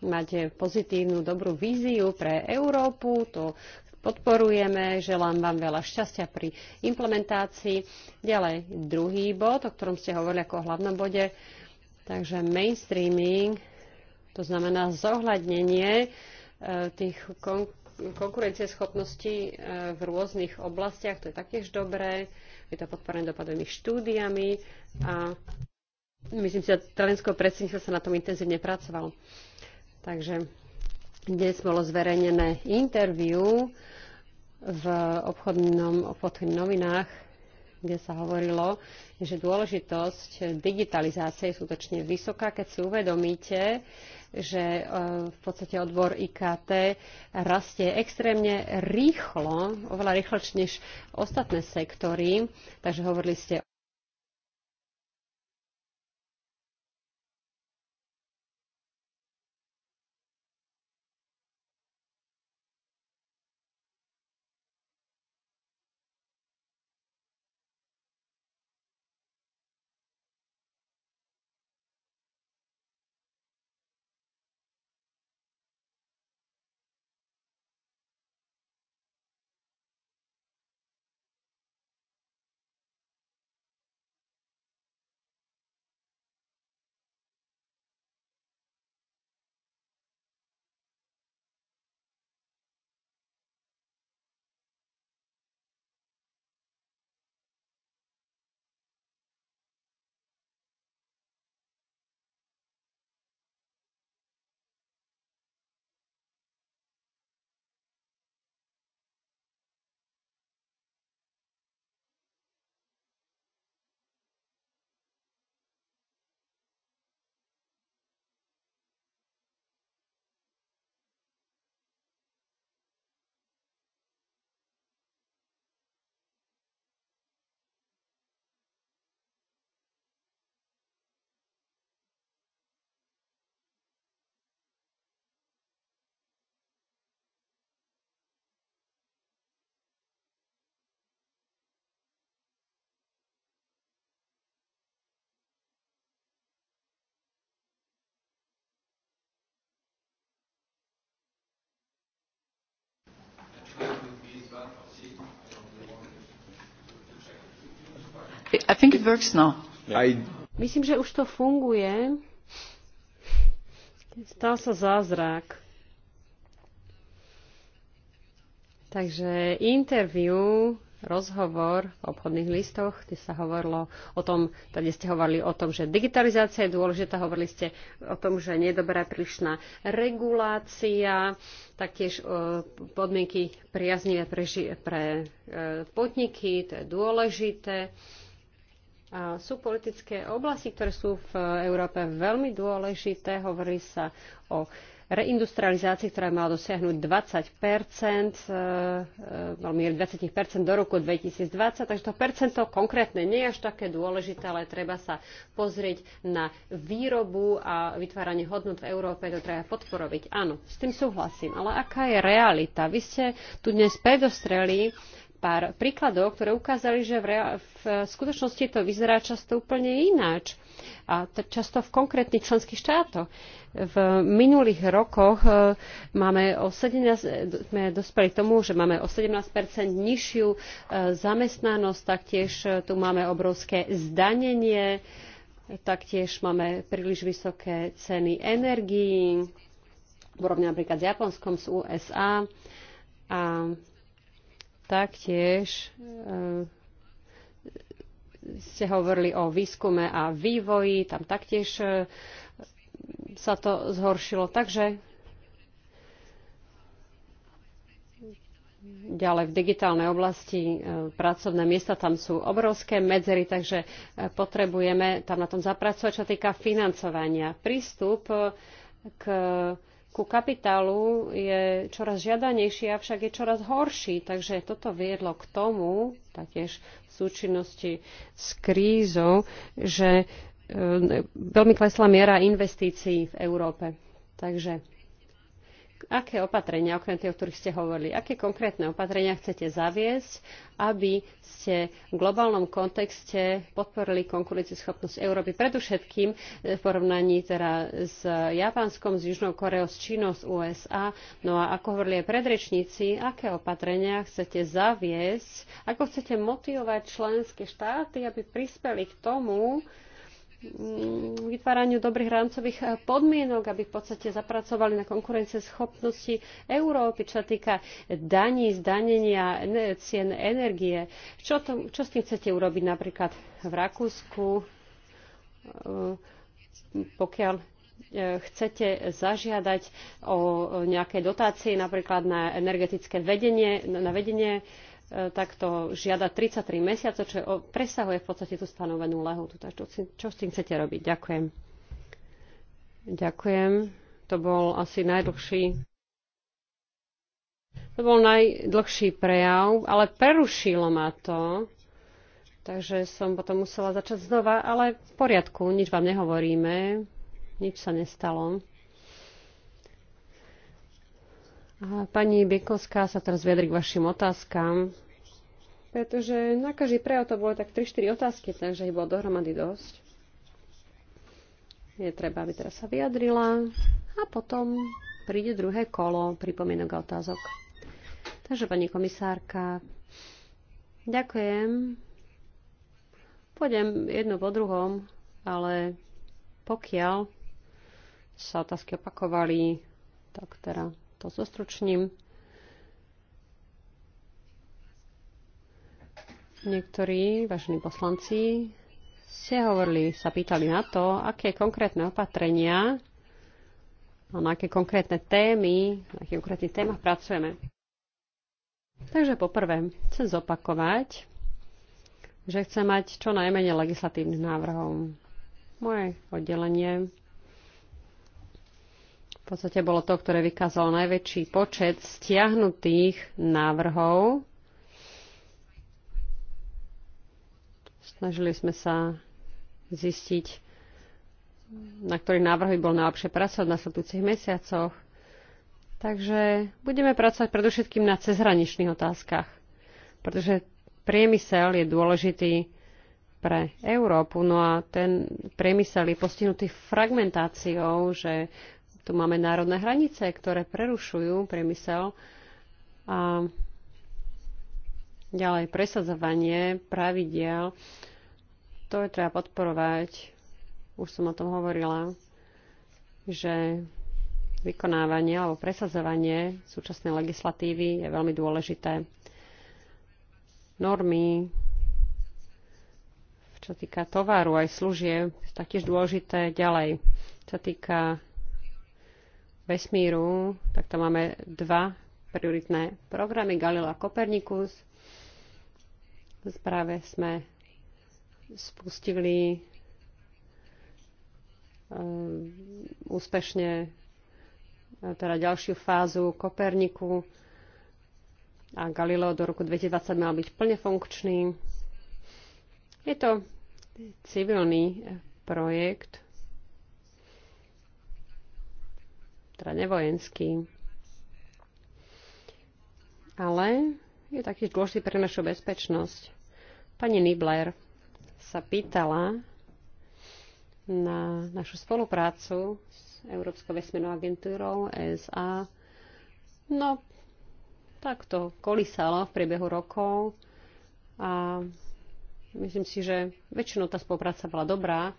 Máte pozitívnu, dobrú víziu pre Európu, to podporujeme, želám vám veľa šťastia pri implementácii. Ďalej druhý bod, o ktorom ste hovorili ako o hlavnom bode, takže mainstreaming, to znamená zohľadnenie e, tých kon- konkurencieschopností e, v rôznych oblastiach, to je taktiež dobré, je to podporené dopadovými štúdiami a myslím si, že Talensko predsedníctvo sa na tom intenzívne pracovalo. Takže dnes bolo zverejnené interviu v obchodnom, obchodných novinách, kde sa hovorilo, že dôležitosť digitalizácie je skutočne vysoká, keď si uvedomíte, že eh, v podstate odbor IKT rastie extrémne rýchlo, oveľa rýchlejšie než ostatné sektory. Takže hovorili ste I think it works now. I... Myslím, že už to funguje. Stal sa zázrak. Takže interviu rozhovor o obchodných listoch, kde sa hovorilo o tom, kde ste hovorili o tom, že digitalizácia je dôležitá, hovorili ste o tom, že nie je dobrá prílišná regulácia, taktiež e, podmienky priaznivé pre, pre e, podniky, to je dôležité. A sú politické oblasti, ktoré sú v Európe veľmi dôležité. Hovorí sa o reindustrializácii, ktorá mala dosiahnuť 20 e, e, mal 20 do roku 2020, takže to percento konkrétne nie je až také dôležité, ale treba sa pozrieť na výrobu a vytváranie hodnot v Európe, to treba podporoviť. Áno, s tým súhlasím, ale aká je realita? Vy ste tu dnes predostreli pár príkladov, ktoré ukázali, že v, rea- v skutočnosti to vyzerá často úplne ináč a často v konkrétnych členských štátoch. V minulých rokoch e, máme o 17, sme dospeli k tomu, že máme o 17 nižšiu e, zamestnanosť, taktiež e, tu máme obrovské zdanenie, taktiež máme príliš vysoké ceny energií, v napríklad s Japonskom, s USA. A Taktiež e, ste hovorili o výskume a vývoji, tam taktiež e, sa to zhoršilo. Takže ďalej v digitálnej oblasti e, pracovné miesta, tam sú obrovské medzery, takže potrebujeme tam na tom zapracovať, čo týka financovania. Prístup k ku kapitálu je čoraz žiadanejší, avšak je čoraz horší. Takže toto viedlo k tomu, taktiež v súčinnosti s krízou, že e, veľmi klesla miera investícií v Európe. Takže aké opatrenia, okrem tých, o ktorých ste hovorili, aké konkrétne opatrenia chcete zaviesť, aby ste v globálnom kontexte podporili konkurencieschopnosť Európy, predovšetkým e, v porovnaní teda s japonskom s Južnou Koreou, s Čínou, s USA. No a ako hovorili aj predrečníci, aké opatrenia chcete zaviesť, ako chcete motivovať členské štáty, aby prispeli k tomu, vytváraniu dobrých rámcových eh, podmienok, aby v podstate zapracovali na konkurencieschopnosti Európy, čo sa týka daní, zdanenia, cien energie. Čo, to, čo s tým chcete urobiť napríklad v Rakúsku, eh, pokiaľ eh, chcete zažiadať o nejaké dotácie napríklad na energetické vedenie, na vedenie E, takto žiada 33 mesiacov, čo presahuje v podstate tú stanovenú lehotu. Takže čo s tým chcete robiť? Ďakujem. Ďakujem. To bol asi najdlhší to bol najdlhší prejav, ale prerušilo ma to. Takže som potom musela začať znova, ale v poriadku, nič vám nehovoríme, nič sa nestalo pani Biekovská sa teraz vyjadri k vašim otázkam, pretože na každý prejav to bolo tak 3-4 otázky, takže ich bolo dohromady dosť. Je treba, aby teraz sa vyjadrila a potom príde druhé kolo pripomienok a otázok. Takže pani komisárka, ďakujem. Pôjdem jednu po druhom, ale pokiaľ sa otázky opakovali, tak teda to zostručním. Niektorí vážení poslanci ste hovorili, sa pýtali na to, aké konkrétne opatrenia a na aké konkrétne témy, na akých konkrétnych témach pracujeme. Takže poprvé, chcem zopakovať, že chcem mať čo najmenej legislatívnych návrhov. Moje oddelenie v podstate bolo to, ktoré vykázalo najväčší počet stiahnutých návrhov. Snažili sme sa zistiť, na ktorých návrhy bol najlepšie pracovať v nasledujúcich mesiacoch. Takže budeme pracovať predovšetkým na cezhraničných otázkach, pretože priemysel je dôležitý pre Európu. No a ten priemysel je postihnutý fragmentáciou, že tu máme národné hranice, ktoré prerušujú priemysel a ďalej presadzovanie pravidiel. To je treba podporovať. Už som o tom hovorila, že vykonávanie alebo presadzovanie súčasnej legislatívy je veľmi dôležité. Normy, čo týka tovaru aj služieb, je taktiež dôležité ďalej. Čo týka vesmíru, tak tam máme dva prioritné programy, Galileo a Copernicus. Práve sme spustili ehm, úspešne e, teda ďalšiu fázu Koperniku a Galileo do roku 2020 mal byť plne funkčný. Je to civilný e, projekt, teda nevojenský. Ale je taký dôležitý pre našu bezpečnosť. Pani Nibler sa pýtala na našu spoluprácu s Európskou vesmírnou agentúrou ESA. No, tak to kolísalo v priebehu rokov a myslím si, že väčšinou tá spolupráca bola dobrá.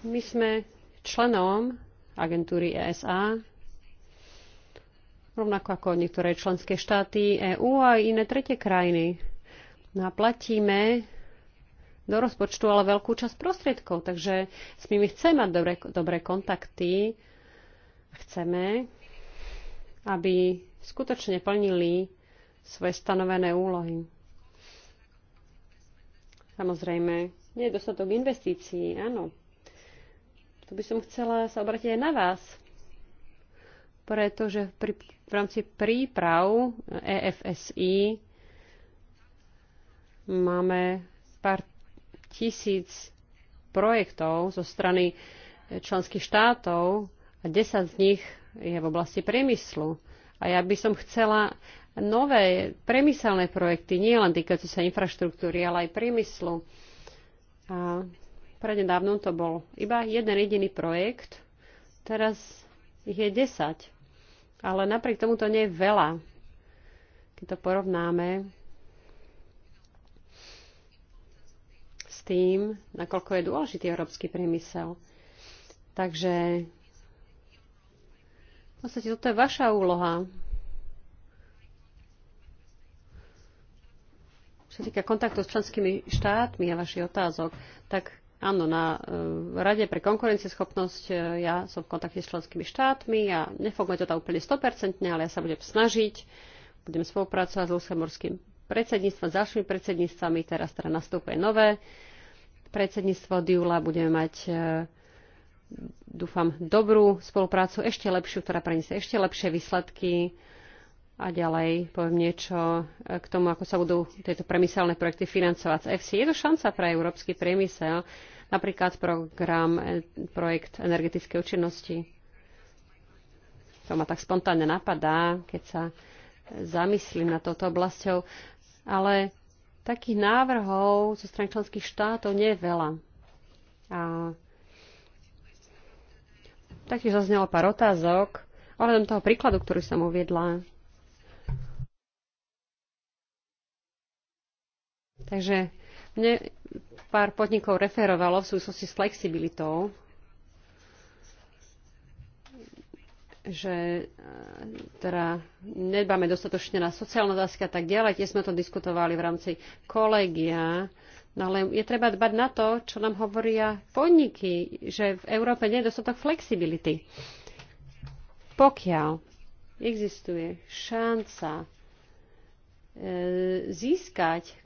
My sme členom agentúry ESA, rovnako ako niektoré členské štáty EÚ a iné tretie krajiny. No a platíme do rozpočtu ale veľkú časť prostriedkov, takže s nimi chceme mať dobré, dobré kontakty. Chceme, aby skutočne plnili svoje stanovené úlohy. Samozrejme, nie je dostatok investícií, áno, tu by som chcela sa obrátiť aj na vás, pretože pri, v rámci príprav EFSI máme pár tisíc projektov zo strany členských štátov a 10 z nich je v oblasti priemyslu. A ja by som chcela nové priemyselné projekty, nie len týkajúce sa infraštruktúry, ale aj priemyslu. A prednedávnom to bol iba jeden jediný projekt, teraz ich je 10. Ale napriek tomu to nie je veľa, keď to porovnáme s tým, nakoľko je dôležitý európsky priemysel. Takže v podstate toto je vaša úloha. Čo sa týka kontaktu s členskými štátmi a vašich otázok, tak Áno, na eh, Rade pre konkurencieschopnosť eh, ja som v kontakte s členskými štátmi a nefunguje to tam úplne 100%, ale ja sa budem snažiť. Budem spolupracovať s luxemburským predsedníctvom, s ďalšími predsedníctvami. Teraz teda nastúpe nové predsedníctvo Diula. Budeme mať, eh, dúfam, dobrú spoluprácu, ešte lepšiu, ktorá preniesie ešte lepšie výsledky. A ďalej poviem niečo e, k tomu, ako sa budú tieto premyselné projekty financovať z EFSI. Je to šanca pre európsky priemysel, napríklad program, e, projekt energetickej účinnosti. To ma tak spontánne napadá, keď sa zamyslím na touto oblasťou. Ale takých návrhov zo strany členských štátov nie je veľa. A taktiež zaznelo pár otázok ohľadom toho príkladu, ktorý som uviedla Takže mne pár podnikov referovalo v súvislosti s flexibilitou, že eh, teda nedbáme dostatočne na sociálne otázky a tak ďalej. tie sme to diskutovali v rámci kolegia. No ale je treba dbať na to, čo nám hovoria podniky, že v Európe nie je dostatok flexibility. Pokiaľ existuje šanca eh, získať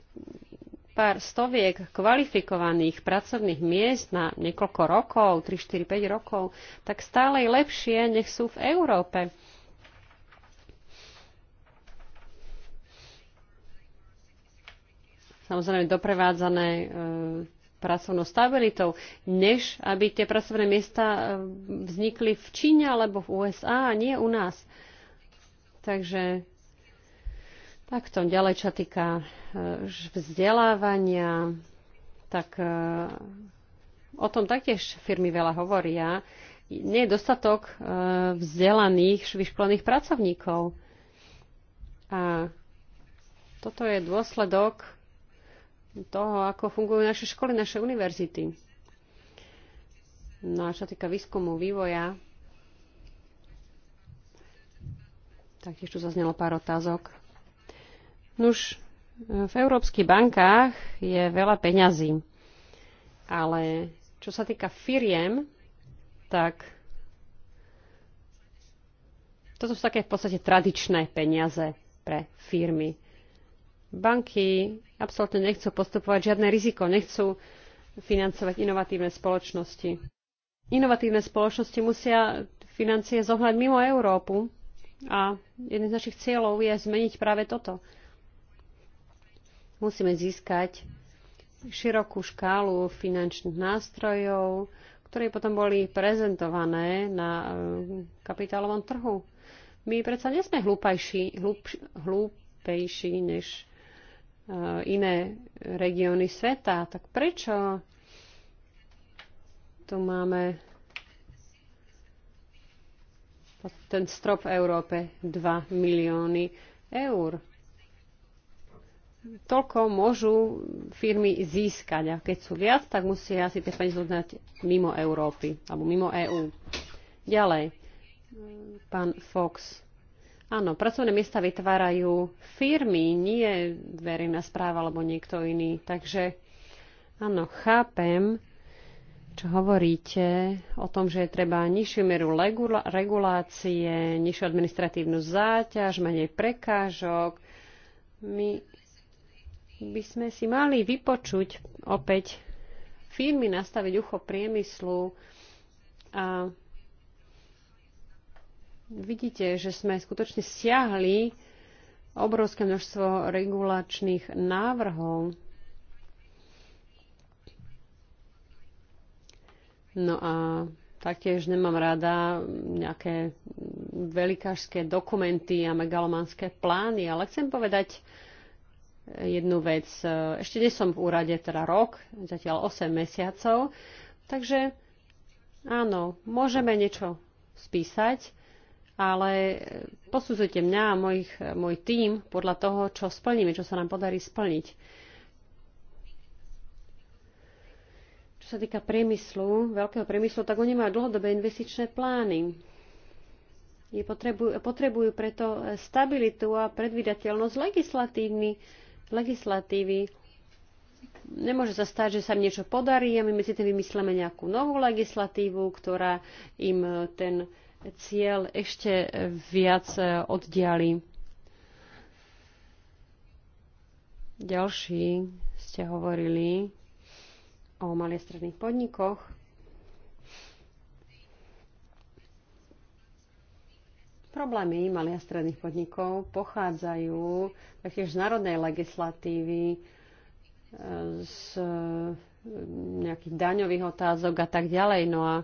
pár stoviek kvalifikovaných pracovných miest na niekoľko rokov, 3, 4, 5 rokov, tak stále je lepšie, nech sú v Európe. Samozrejme doprevádzané e, pracovnou stabilitou, než aby tie pracovné miesta e, vznikli v Číne alebo v USA a nie u nás. Takže tak tom ďalej, čo týka e, vzdelávania, tak e, o tom taktiež firmy veľa hovoria. Nie je dostatok e, vzdelaných, vyškolených pracovníkov. A toto je dôsledok toho, ako fungujú naše školy, naše univerzity. No a čo týka výskumu, vývoja, taktiež tu zaznelo pár otázok Nuž, v európskych bankách je veľa peňazí, ale čo sa týka firiem, tak toto sú také v podstate tradičné peniaze pre firmy. Banky absolútne nechcú postupovať žiadne riziko, nechcú financovať inovatívne spoločnosti. Inovatívne spoločnosti musia financie zohľať mimo Európu a jeden z našich cieľov je zmeniť práve toto musíme získať širokú škálu finančných nástrojov, ktoré potom boli prezentované na e, kapitálovom trhu. My predsa nie sme hlúp, hlúpejší než e, iné regióny sveta. Tak prečo tu máme ten strop v Európe 2 milióny eur? toľko môžu firmy získať. A keď sú viac, tak musia asi tie peniaze zohnať mimo Európy alebo mimo EÚ. Ďalej, pán Fox. Áno, pracovné miesta vytvárajú firmy, nie verejná správa alebo niekto iný. Takže áno, chápem, čo hovoríte o tom, že je treba nižšiu mieru regulácie, nižšiu administratívnu záťaž, menej prekážok. My by sme si mali vypočuť opäť firmy, nastaviť ucho priemyslu a vidíte, že sme skutočne siahli obrovské množstvo regulačných návrhov. No a taktiež nemám rada nejaké velikážské dokumenty a megalomanské plány, ale chcem povedať, jednu vec. Ešte nie som v úrade teda rok, zatiaľ 8 mesiacov, takže áno, môžeme niečo spísať, ale posudzujte mňa a mojich, môj tím podľa toho, čo splníme, čo sa nám podarí splniť. Čo sa týka priemyslu, veľkého priemyslu, tak oni majú dlhodobé investičné plány. potrebujú, potrebujú preto stabilitu a predvydateľnosť legislatívny legislatívy. Nemôže sa stať, že sa im niečo podarí a my medzi tým vymyslíme nejakú novú legislatívu, ktorá im ten cieľ ešte viac oddiali. Ďalší ste hovorili o malých stredných podnikoch. Problémy malých a stredných podnikov pochádzajú taktiež z národnej legislatívy, e, z e, nejakých daňových otázok a tak ďalej. No a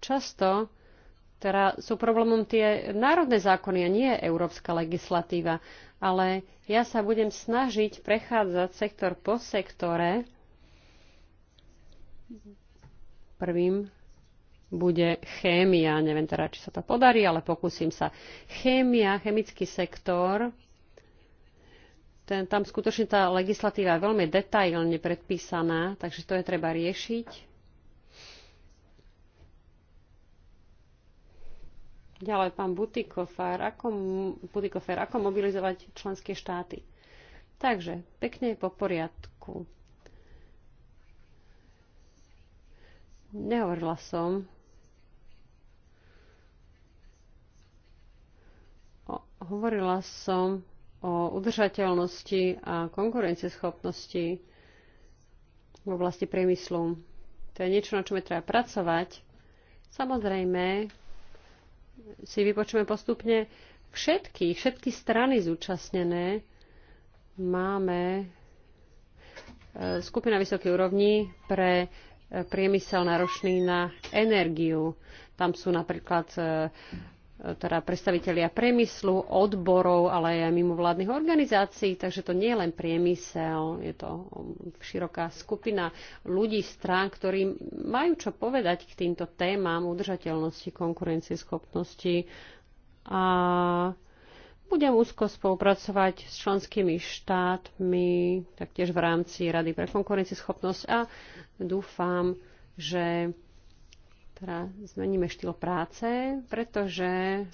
často teda sú problémom tie národné zákony a nie európska legislatíva. Ale ja sa budem snažiť prechádzať sektor po sektore. Prvým bude chémia. Neviem teda, či sa to podarí, ale pokúsim sa. Chémia, chemický sektor, ten, tam skutočne tá legislatíva je veľmi detailne predpísaná, takže to je treba riešiť. Ďalej, pán Butikofer, ako, Butikofer, ako mobilizovať členské štáty? Takže, pekne po poriadku. Nehovorila som Hovorila som o udržateľnosti a konkurencieschopnosti v oblasti priemyslu. To je niečo, na čom je treba pracovať. Samozrejme, si vypočujeme postupne všetky, všetky strany zúčastnené. Máme e, skupina vysokej úrovni pre e, priemysel náročný na energiu. Tam sú napríklad e, teda predstavitelia priemyslu, odborov, ale aj mimovládnych organizácií, takže to nie je len priemysel, je to um, široká skupina ľudí, strán, ktorí majú čo povedať k týmto témam udržateľnosti, konkurencieschopnosti a budem úzko spolupracovať s členskými štátmi, taktiež v rámci Rady pre konkurencieschopnosť a dúfam, že teda zmeníme štýl práce, pretože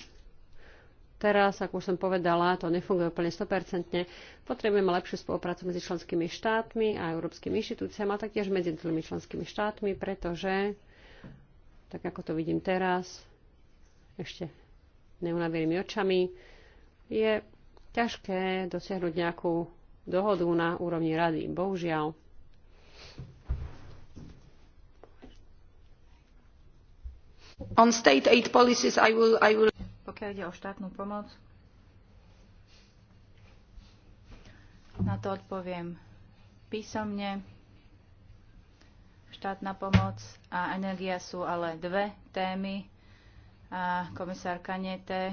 teraz, ako už som povedala, to nefunguje úplne 100%. Potrebujeme lepšiu spoluprácu medzi členskými štátmi a európskymi inštitúciami a taktiež medzi jednotlivými členskými štátmi, pretože, tak ako to vidím teraz, ešte neunavierými očami, je ťažké dosiahnuť nejakú dohodu na úrovni rady. Bohužiaľ, On state aid policies I will, I will... Pokiaľ ide o štátnu pomoc, na to odpoviem písomne. Štátna pomoc a energia sú ale dve témy. A komisár Kanete,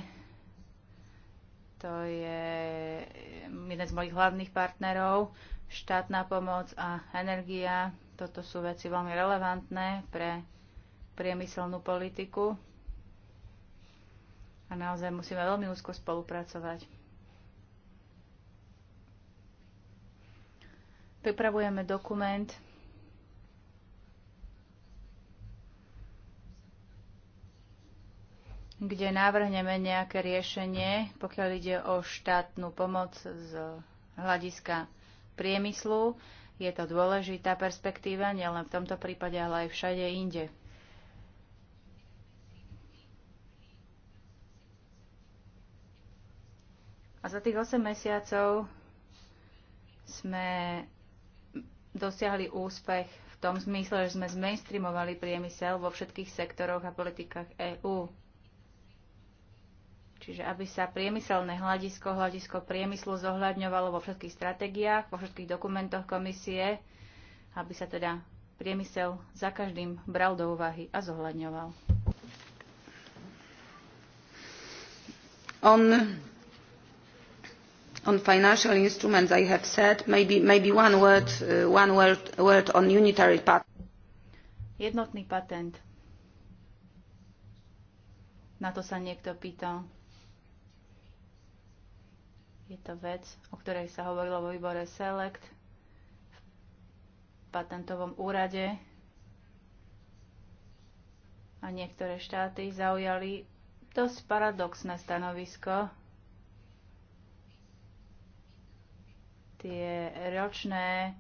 to je jeden z mojich hlavných partnerov, štátna pomoc a energia, toto sú veci veľmi relevantné pre priemyselnú politiku a naozaj musíme veľmi úzko spolupracovať. Pripravujeme dokument, kde navrhneme nejaké riešenie, pokiaľ ide o štátnu pomoc z hľadiska priemyslu. Je to dôležitá perspektíva, nielen v tomto prípade, ale aj všade inde. A za tých 8 mesiacov sme dosiahli úspech v tom zmysle, že sme zmainstreamovali priemysel vo všetkých sektoroch a politikách EÚ. Čiže aby sa priemyselné hľadisko, hľadisko priemyslu zohľadňovalo vo všetkých stratégiách, vo všetkých dokumentoch komisie, aby sa teda priemysel za každým bral do úvahy a zohľadňoval. On on financial instruments i have said maybe, maybe one word, uh, one word, word on unitary patent. jednotný patent na to sa niekto pýtal je to vec o ktorej sa hovorilo vo výbore select v patentovom úrade a niektoré štáty zaujali dosť paradoxné stanovisko Tie ročné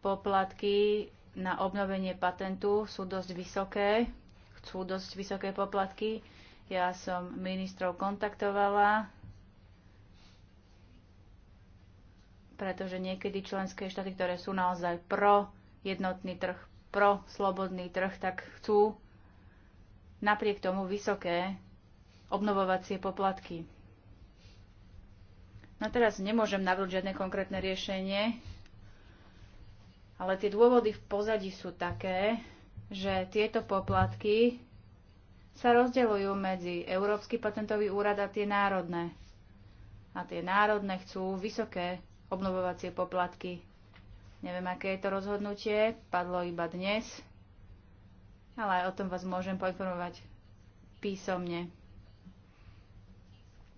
poplatky na obnovenie patentu sú dosť vysoké, chcú dosť vysoké poplatky. Ja som ministrov kontaktovala, pretože niekedy členské štáty, ktoré sú naozaj pro jednotný trh, pro slobodný trh, tak chcú napriek tomu vysoké obnovovacie poplatky. No teraz nemôžem navrúť žiadne konkrétne riešenie, ale tie dôvody v pozadí sú také, že tieto poplatky sa rozdeľujú medzi Európsky patentový úrad a tie národné. A tie národné chcú vysoké obnovovacie poplatky. Neviem, aké je to rozhodnutie, padlo iba dnes, ale aj o tom vás môžem poinformovať písomne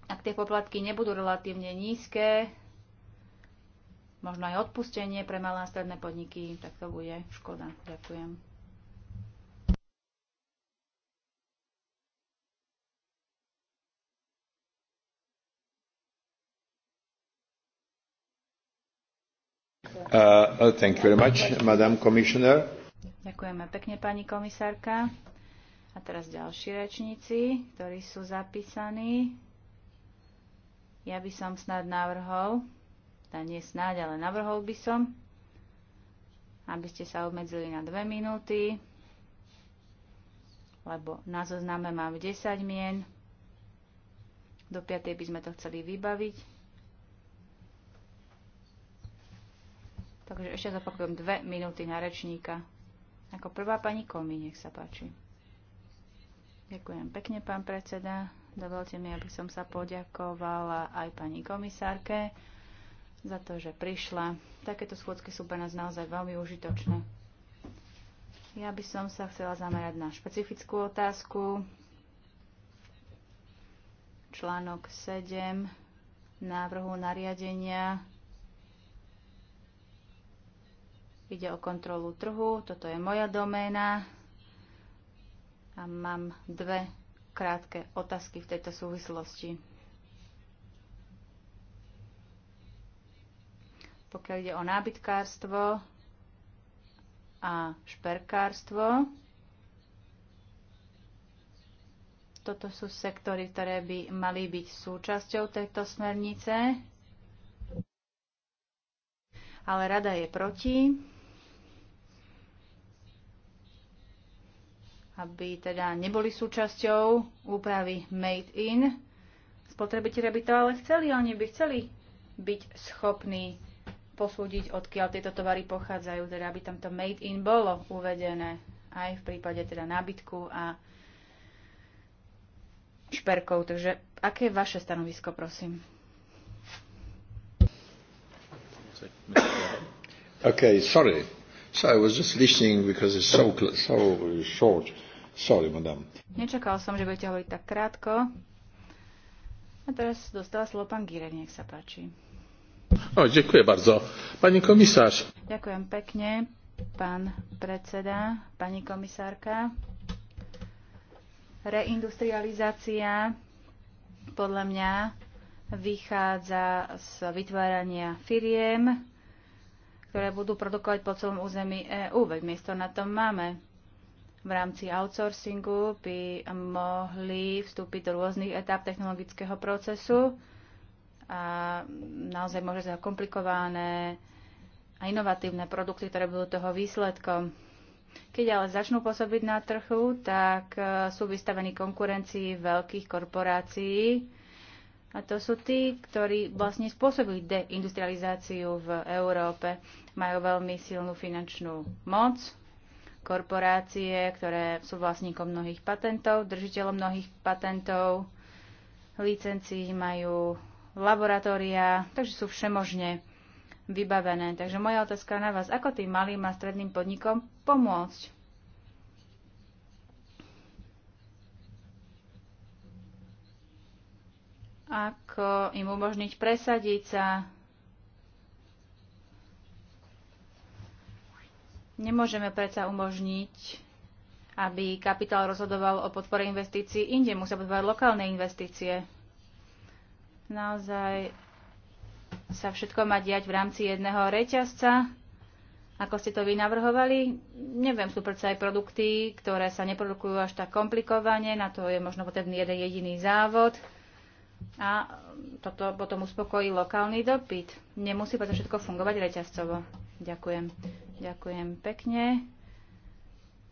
ak tie poplatky nebudú relatívne nízke, možno aj odpustenie pre malé a stredné podniky, tak to bude škoda. Ďakujem. Uh, uh thank you very much, Madam Commissioner. Ďakujeme pekne, pani komisárka. A teraz ďalší rečníci, ktorí sú zapísaní. Ja by som snad navrhol, tá teda nie snáď, ale navrhol by som, aby ste sa obmedzili na dve minúty, lebo na zozname mám 10 mien. Do 5. by sme to chceli vybaviť. Takže ešte zopakujem dve minúty na rečníka. Ako prvá pani Komi, nech sa páči. Ďakujem pekne, pán predseda. Dovolte mi, aby som sa poďakovala aj pani komisárke za to, že prišla. Takéto schôdzky sú pre nás naozaj veľmi užitočné. Ja by som sa chcela zamerať na špecifickú otázku. Článok 7 návrhu nariadenia ide o kontrolu trhu. Toto je moja doména a mám dve krátke otázky v tejto súvislosti. Pokiaľ ide o nábytkárstvo a šperkárstvo, toto sú sektory, ktoré by mali byť súčasťou tejto smernice, ale rada je proti. aby teda neboli súčasťou úpravy Made in. Spotrebitelia by to ale chceli, oni by chceli byť schopní posúdiť, odkiaľ tieto tovary pochádzajú, teda aby tam to made in bolo uvedené aj v prípade teda nábytku a šperkov. Takže aké je vaše stanovisko, prosím? Okay, sorry. So I was just listening because it's so, so short. Sorry, madam. Nečakal som, že budete hovoriť tak krátko. A teraz dostala slovo pán Girek, nech sa páči. O, ďakujem bardzo. Pani komisár. Ďakujem pekne, pán predseda, pani komisárka. Reindustrializácia podľa mňa vychádza z vytvárania firiem, ktoré budú produkovať po celom území EÚ, veď miesto na tom máme v rámci outsourcingu by mohli vstúpiť do rôznych etáp technologického procesu a naozaj môže sa komplikované a inovatívne produkty, ktoré budú toho výsledkom. Keď ale začnú pôsobiť na trhu, tak e, sú vystavení konkurencii veľkých korporácií. A to sú tí, ktorí vlastne spôsobili deindustrializáciu v Európe. Majú veľmi silnú finančnú moc, korporácie, ktoré sú vlastníkom mnohých patentov, držiteľom mnohých patentov, licencií majú laboratória, takže sú všemožne vybavené. Takže moja otázka na vás, ako tým malým a stredným podnikom pomôcť? Ako im umožniť presadiť sa Nemôžeme predsa umožniť, aby kapitál rozhodoval o podpore investícií inde. Musia podporovať lokálne investície. Naozaj sa všetko má diať v rámci jedného reťazca. Ako ste to vy navrhovali? Neviem, sú predsa aj produkty, ktoré sa neprodukujú až tak komplikovane. Na to je možno potrebný jeden jediný závod. A toto potom uspokojí lokálny dopyt. Nemusí preto všetko fungovať reťazcovo. Ďakujem. Ďakujem pekne.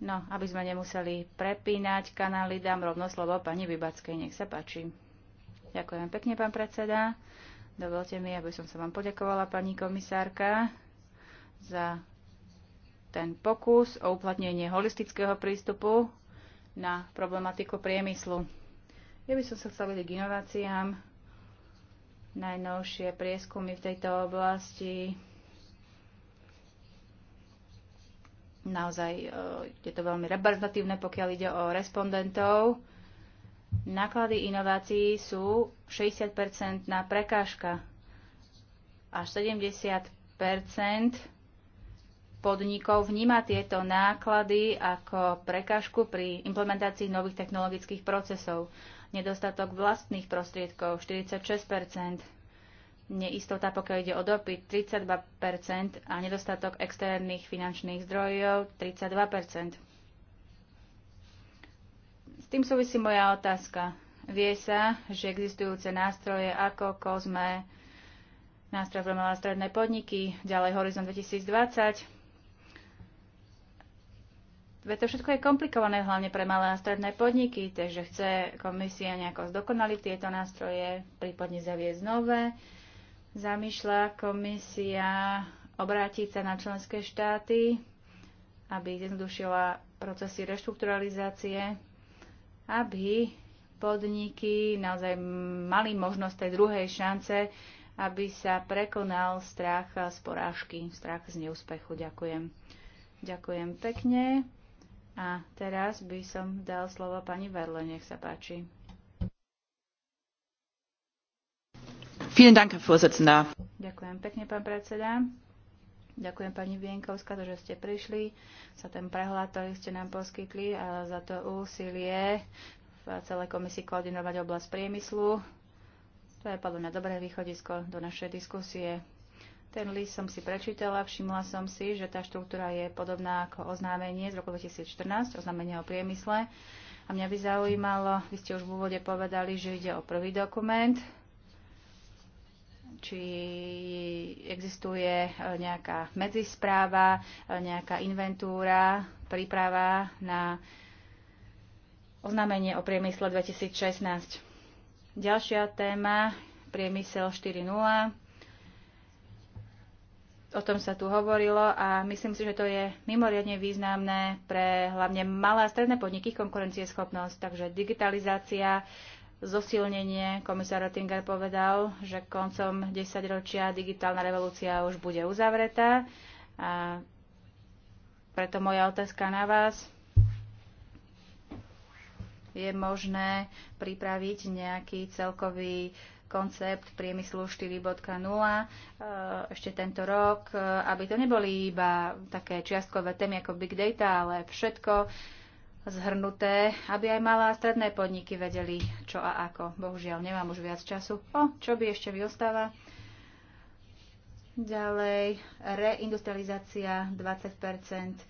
No, aby sme nemuseli prepínať kanály, dám rovno slovo pani Vybackej. Nech sa páči. Ďakujem pekne, pán predseda. Dovolte mi, aby som sa vám poďakovala, pani komisárka, za ten pokus o uplatnenie holistického prístupu na problematiku priemyslu. Ja by som sa chcela vedieť k inováciám, najnovšie prieskumy v tejto oblasti, Naozaj e, je to veľmi reprezentatívne, pokiaľ ide o respondentov. Náklady inovácií sú 60 na prekážka a 70 podnikov vníma tieto náklady ako prekážku pri implementácii nových technologických procesov. Nedostatok vlastných prostriedkov 46 neistota, pokiaľ ide o dopyt 32% a nedostatok externých finančných zdrojov 32%. S tým súvisí moja otázka. Vie sa, že existujúce nástroje ako COSME, nástroj pre malé stredné podniky, ďalej Horizon 2020. Veď to všetko je komplikované hlavne pre malé a stredné podniky, takže chce komisia nejako zdokonaliť tieto nástroje, prípadne zaviesť nové. Zamýšľa komisia obrátiť sa na členské štáty, aby zjednodušila procesy reštrukturalizácie, aby podniky naozaj mali možnosť tej druhej šance, aby sa prekonal strach z porážky, strach z neúspechu. Ďakujem. Ďakujem pekne. A teraz by som dal slovo pani Verle, nech sa páči. Vielen Dank, Herr Vorsitzender. Ďakujem pekne, pán predseda. Ďakujem pani Vienkovská, že ste prišli, za ten prehľad, ktorý ste nám poskytli a za to úsilie v celej komisii koordinovať oblasť priemyslu. To je podľa mňa dobré východisko do našej diskusie. Ten list som si prečítala, všimla som si, že tá štruktúra je podobná ako oznámenie z roku 2014, oznámenie o priemysle. A mňa by zaujímalo, vy ste už v úvode povedali, že ide o prvý dokument, či existuje e, nejaká medzispráva, e, nejaká inventúra, príprava na oznámenie o priemysle 2016. Ďalšia téma, priemysel 4.0. O tom sa tu hovorilo a myslím si, že to je mimoriadne významné pre hlavne malé a stredné podniky konkurencieschopnosť. Takže digitalizácia, zosilnenie. Komisár Oettinger povedal, že koncom 10 ročia digitálna revolúcia už bude uzavretá. A preto moja otázka na vás. Je možné pripraviť nejaký celkový koncept priemyslu 4.0 e, ešte tento rok, e, aby to neboli iba také čiastkové témy ako big data, ale všetko, zhrnuté, aby aj malé a stredné podniky vedeli, čo a ako. Bohužiaľ, nemám už viac času. O, čo by ešte vyostáva? Ďalej, reindustrializácia 20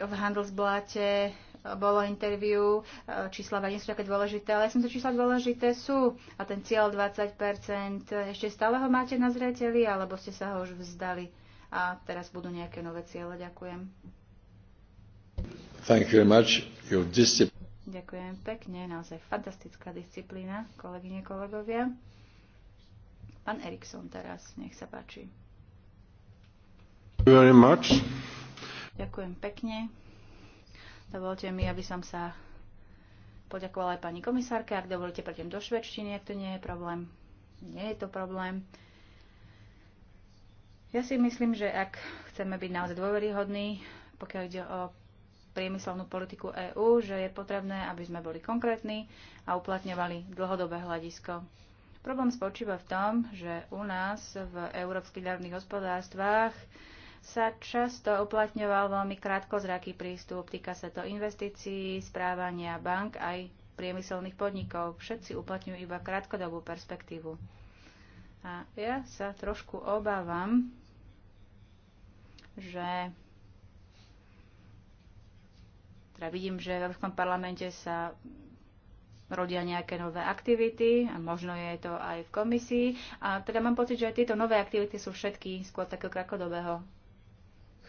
v Handelsblate bolo interviu, e, čísla nie sú také dôležité, ale ja som to čísla dôležité sú. A ten cieľ 20%, e, ešte stále ho máte na zreteli, alebo ste sa ho už vzdali a teraz budú nejaké nové ciele. Ďakujem. Thank you very much. Your discipline. Ďakujem pekne, naozaj fantastická disciplína, kolegyne, kolegovia. Pán Eriksson teraz, nech sa páči. Very much. Ďakujem pekne. Dovolte mi, aby som sa poďakovala aj pani komisárke. Ak dovolíte, prejdem do švedštiny, ak to nie je problém. Nie je to problém. Ja si myslím, že ak chceme byť naozaj dôveryhodní, pokiaľ ide o priemyselnú politiku EÚ, že je potrebné, aby sme boli konkrétni a uplatňovali dlhodobé hľadisko. Problém spočíva v tom, že u nás v európskych ľadných hospodárstvách sa často uplatňoval veľmi krátkozraký prístup. Týka sa to investícií, správania bank aj priemyselných podnikov. Všetci uplatňujú iba krátkodobú perspektívu. A ja sa trošku obávam, že teda vidím, že v Európskom parlamente sa rodia nejaké nové aktivity a možno je to aj v komisii. A teda mám pocit, že aj tieto nové aktivity sú všetky skôr takého krakodobého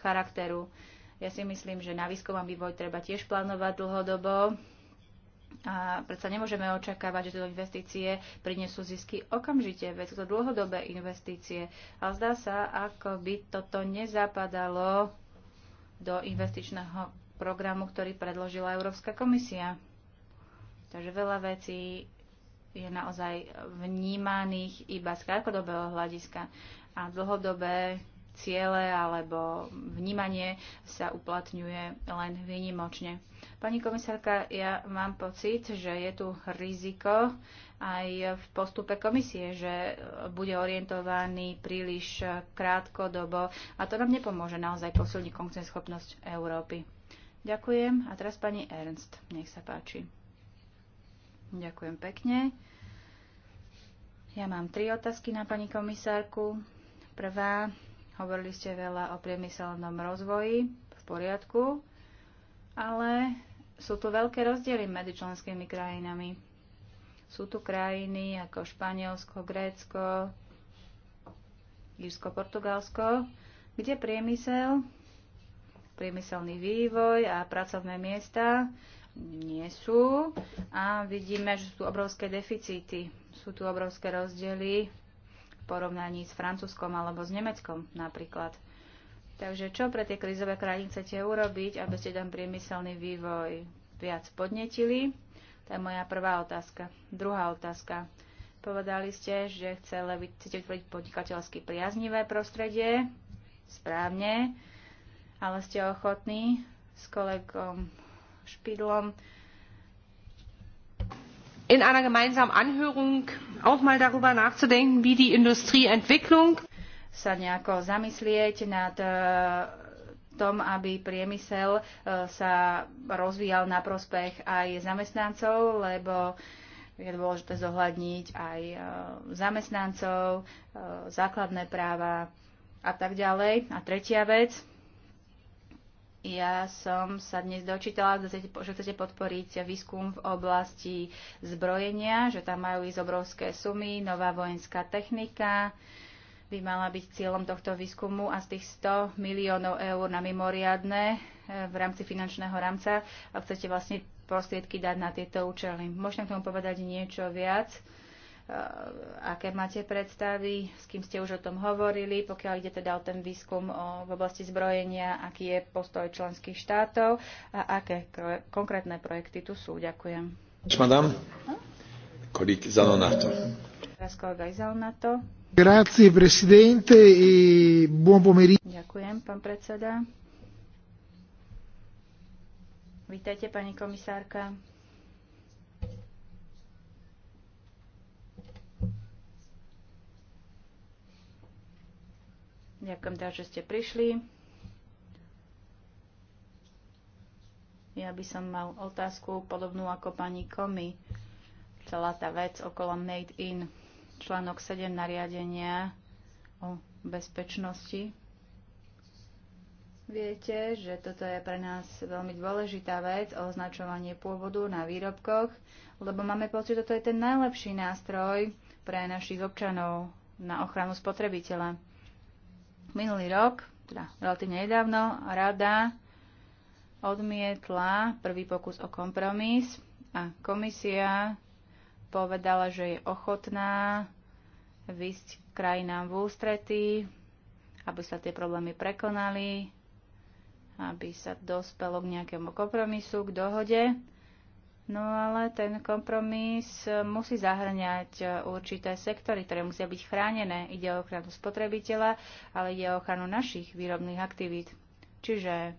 charakteru. Ja si myslím, že na výskum a vývoj treba tiež plánovať dlhodobo. A predsa nemôžeme očakávať, že tieto investície prinesú zisky okamžite, veď sú to dlhodobé investície. A zdá sa, ako by toto nezapadalo do investičného programu, ktorý predložila Európska komisia. Takže veľa vecí je naozaj vnímaných iba z krátkodobého hľadiska a dlhodobé ciele alebo vnímanie sa uplatňuje len výnimočne. Pani komisárka, ja mám pocit, že je tu riziko aj v postupe komisie, že bude orientovaný príliš krátkodobo a to nám nepomôže naozaj posilniť konkurenceschopnosť Európy. Ďakujem. A teraz pani Ernst, nech sa páči. Ďakujem pekne. Ja mám tri otázky na pani komisárku. Prvá, hovorili ste veľa o priemyselnom rozvoji, v poriadku, ale sú tu veľké rozdiely medzi členskými krajinami. Sú tu krajiny ako Španielsko, Grécko, Írsko, Portugalsko, kde priemysel priemyselný vývoj a pracovné miesta nie sú. A vidíme, že sú tu obrovské deficity, sú tu obrovské rozdiely v porovnaní s Francúzskom alebo s Nemeckom napríklad. Takže čo pre tie krizové krajiny chcete urobiť, aby ste tam priemyselný vývoj viac podnetili? To je moja prvá otázka. Druhá otázka. Povedali ste, že chcete vytvoriť podnikateľsky priaznivé prostredie. Správne ale ste ochotní s kolegom Špidlom in einer gemeinsamen Anhörung auch mal darüber nachzudenken, wie die Industrieentwicklung sa nejako zamyslieť nad e, tom, aby priemysel e, sa rozvíjal na prospech aj zamestnancov, lebo je dôležité zohľadniť aj e, zamestnancov, základné práva a tak ďalej. A tretia vec, ja som sa dnes dočítala, že chcete podporiť výskum v oblasti zbrojenia, že tam majú ísť obrovské sumy, nová vojenská technika by mala byť cieľom tohto výskumu a z tých 100 miliónov eur na mimoriadne e, v rámci finančného rámca a chcete vlastne prostriedky dať na tieto účely. Môžete k tomu povedať niečo viac? Eh, aké máte predstavy, s kým ste už o tom hovorili, pokiaľ ide teda o ten výskum o, v oblasti zbrojenia, aký je postoj členských štátov a aké konkrétne projekty tu sú. Ďakujem. Madame, kolik na to? Teraz kolega na to. Grazie, presidente, e buon pomeriggio. Ďakujem, pán predseda. Vítajte, pani komisárka. Ďakujem tak, teda, že ste prišli. Ja by som mal otázku podobnú ako pani Komi. Celá tá vec okolo Made in článok 7 nariadenia o bezpečnosti. Viete, že toto je pre nás veľmi dôležitá vec, označovanie pôvodu na výrobkoch, lebo máme pocit, že toto je ten najlepší nástroj pre našich občanov na ochranu spotrebiteľa. Minulý rok, teda relatívne nedávno, rada odmietla prvý pokus o kompromis a komisia povedala, že je ochotná vysť krajinám v ústretí, aby sa tie problémy prekonali, aby sa dospelo k nejakému kompromisu, k dohode. No ale ten kompromis e, musí zahrňať e, určité sektory, ktoré musia byť chránené. Ide o ochranu spotrebiteľa, ale ide o ochranu našich výrobných aktivít. Čiže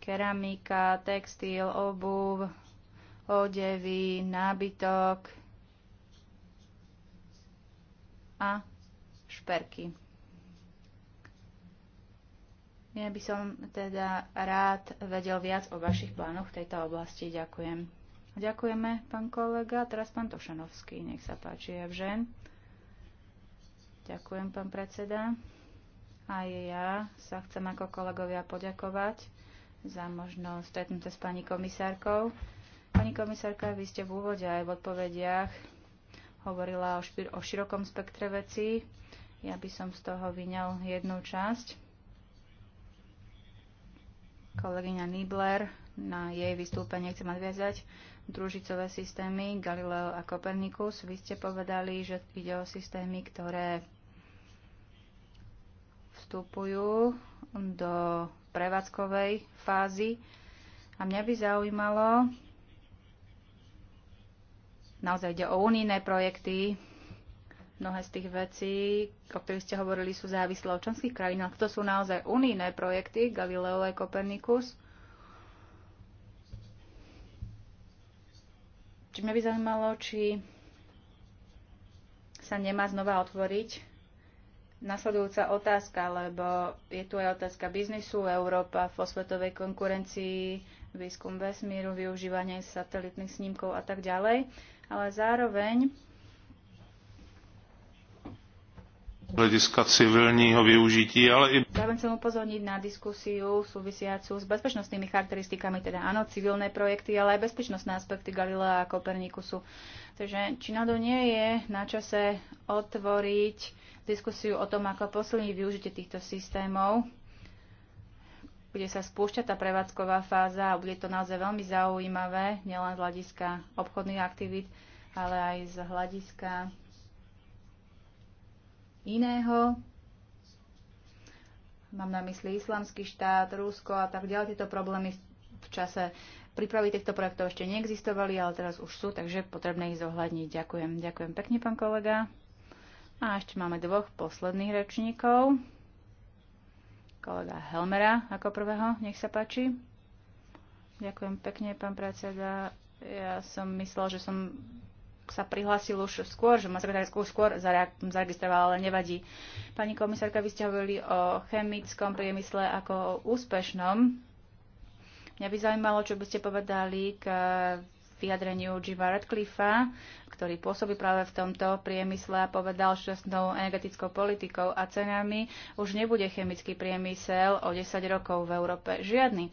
keramika, textil, obuv, odevy, nábytok a šperky. Ja by som teda rád vedel viac o vašich plánoch v tejto oblasti. Ďakujem. Ďakujeme, pán kolega. Teraz pán Tošanovský, nech sa páči, ja vžen. Ďakujem, pán predseda. A ja sa chcem ako kolegovia poďakovať za možnosť stretnúť sa s pani komisárkou. Pani komisárka, vy ste v úvode aj v odpovediach hovorila o, špir- o širokom spektre vecí. Ja by som z toho vyňal jednu časť. Kolegyňa Nibler, na jej vystúpenie chcem nadviazať družicové systémy Galileo a Kopernikus. Vy ste povedali, že ide o systémy, ktoré vstupujú do prevádzkovej fázy. A mňa by zaujímalo, naozaj ide o unijné projekty, mnohé z tých vecí, o ktorých ste hovorili, sú závislé od členských krajín. A to sú naozaj unijné projekty, Galileo a Kopernikus. Čiže mňa by zaujímalo, či sa nemá znova otvoriť nasledujúca otázka, lebo je tu aj otázka biznisu. Európa v svetovej konkurencii, výskum vesmíru, využívanie satelitných snímkov a tak ďalej. Ale zároveň hľadiska civilního využití, ale i... Zároveň chcem upozorniť na diskusiu súvisiacu s bezpečnostnými charakteristikami, teda áno, civilné projekty, ale aj bezpečnostné aspekty Galilea a Kopernikusu. Takže či to nie je na čase otvoriť diskusiu o tom, ako posilniť využitie týchto systémov, bude sa spúšťať tá prevádzková fáza a bude to naozaj veľmi zaujímavé, nielen z hľadiska obchodných aktivít, ale aj z hľadiska iného. Mám na mysli islamský štát, Rusko a tak ďalej. Tieto problémy v čase prípravy týchto projektov ešte neexistovali, ale teraz už sú, takže potrebné ich zohľadniť. Ďakujem. Ďakujem pekne, pán kolega. A ešte máme dvoch posledných rečníkov. Kolega Helmera ako prvého, nech sa páči. Ďakujem pekne, pán predseda. Ja som myslel, že som sa prihlásil už skôr, že ma sekretárskú skôr zaregistrovala, ale nevadí. Pani komisárka, vy ste hovorili o chemickom priemysle ako o úspešnom. Mňa by zaujímalo, čo by ste povedali k vyjadreniu Jima Radcliffa, ktorý pôsobí práve v tomto priemysle a povedal, že novou energetickou politikou a cenami už nebude chemický priemysel o 10 rokov v Európe. Žiadny.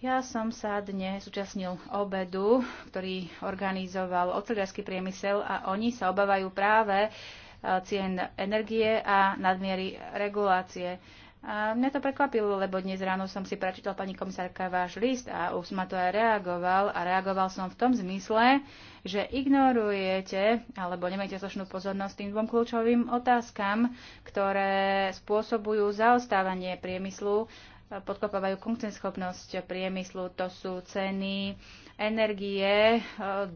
Ja som sa dnes zúčastnil obedu, ktorý organizoval oceliarský priemysel a oni sa obávajú práve e, cien energie a nadmiery regulácie. A mňa to prekvapilo, lebo dnes ráno som si prečítal pani komisárka váš list a už na to aj reagoval a reagoval som v tom zmysle, že ignorujete alebo nemáte slušnú pozornosť tým dvom kľúčovým otázkam, ktoré spôsobujú zaostávanie priemyslu podkopávajú konkurenceschopnosť priemyslu. To sú ceny energie,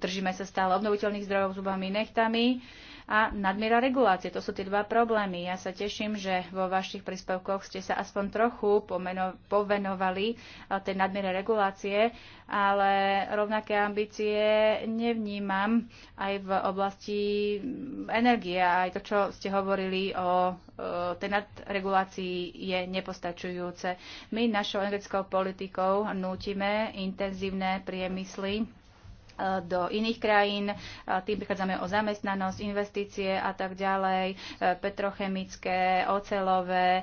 držíme sa stále obnoviteľných zdrojov zubami nechtami a nadmiera regulácie. To sú tie dva problémy. Ja sa teším, že vo vašich príspevkoch ste sa aspoň trochu pomeno- povenovali eh, tej nadmiere regulácie, ale rovnaké ambície nevnímam aj v oblasti mm, energie. Aj to, čo ste hovorili o eh, tej nadregulácii je nepostačujúce. My našou energetickou politikou nútime intenzívne priemysly do iných krajín. Tým prichádzame o zamestnanosť, investície a tak ďalej, e, petrochemické, ocelové, e,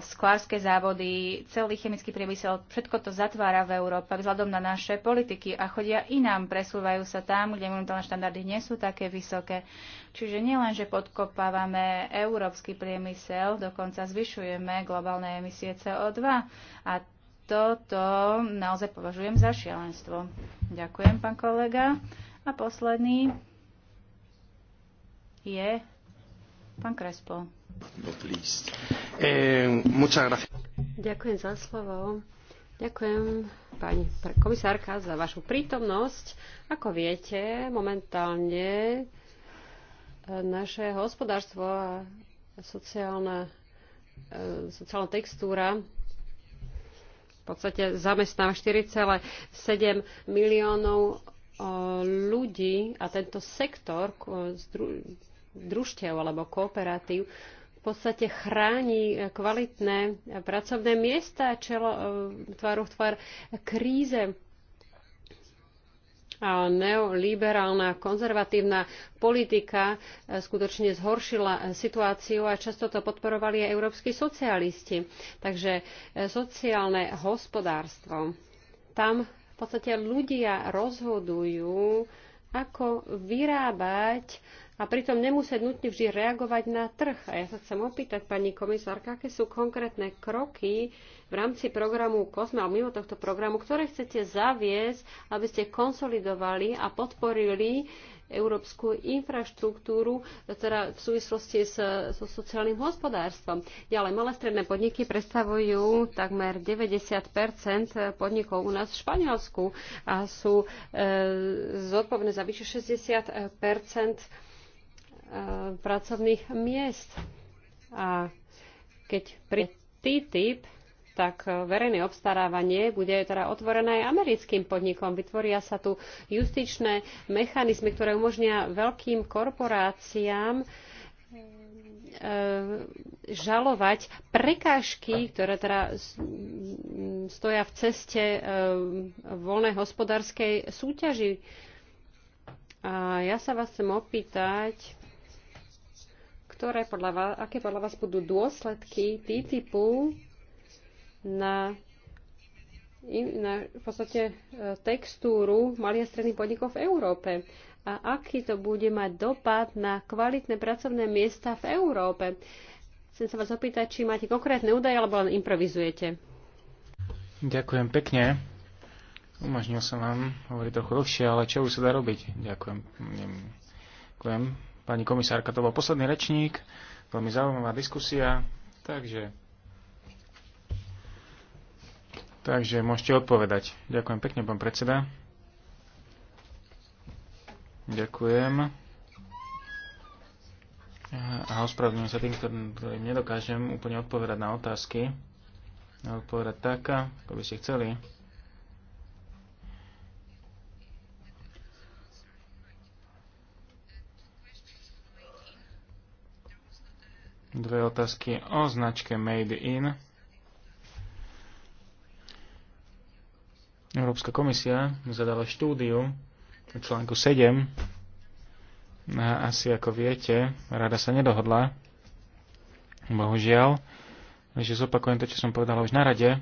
skvárske závody, celý chemický priemysel, všetko to zatvára v Európe vzhľadom na naše politiky a chodia inám, presúvajú sa tam, kde momentálne štandardy nie sú také vysoké. Čiže nielen, že podkopávame európsky priemysel, dokonca zvyšujeme globálne emisie CO2 a toto naozaj považujem za šialenstvo. Ďakujem, pán kolega. A posledný je pán Krespo. Eh, Ďakujem za slovo. Ďakujem pani komisárka za vašu prítomnosť. Ako viete, momentálne eh, naše hospodárstvo a sociálna, eh, sociálna textúra podstate zamestnáva 4,7 miliónov ľudí a tento sektor družstiev alebo kooperatív v podstate chráni kvalitné pracovné miesta čelo, e, v tvar kríze a neoliberálna konzervatívna politika e, skutočne zhoršila e, situáciu a často to podporovali aj európski socialisti. Takže e, sociálne hospodárstvo. Tam v podstate ľudia rozhodujú ako vyrábať a pritom nemusieť nutne vždy reagovať na trh. A ja sa chcem opýtať, pani komisárka, aké sú konkrétne kroky v rámci programu COSME, alebo mimo tohto programu, ktoré chcete zaviesť, aby ste konsolidovali a podporili európsku infraštruktúru teda v súvislosti s, so sociálnym hospodárstvom. Ďalej, malé stredné podniky predstavujú takmer 90 podnikov u nás v Španielsku a sú e, zodpovedné za vyše 60 e, pracovných miest. A keď pri TTIP tak verejné obstarávanie bude teda otvorené aj americkým podnikom. Vytvoria sa tu justičné mechanizmy, ktoré umožnia veľkým korporáciám e, žalovať prekážky, ktoré teda stoja v ceste e, voľnej hospodárskej súťaži. A ja sa vás chcem opýtať, ktoré podľa vás, aké podľa vás budú dôsledky TTIPu na, na v podstate e, textúru malých a stredných podnikov v Európe a aký to bude mať dopad na kvalitné pracovné miesta v Európe. Chcem sa vás opýtať, či máte konkrétne údaje alebo len improvizujete. Ďakujem pekne. Umožnil som vám hovoriť trochu dlhšie, ale čo už sa dá robiť? Ďakujem. Ďakujem. Pani komisárka, to bol posledný rečník. Veľmi zaujímavá diskusia. Takže Takže môžete odpovedať. Ďakujem pekne, pán predseda. Ďakujem. A ospravedlňujem sa tým, ktorým nedokážem úplne odpovedať na otázky. Odpovedať tak, ako by ste chceli. Dve otázky o značke Made in. Európska komisia zadala štúdiu v článku 7. A asi ako viete, rada sa nedohodla. Bohužiaľ. Takže zopakujem to, čo som povedala už na rade.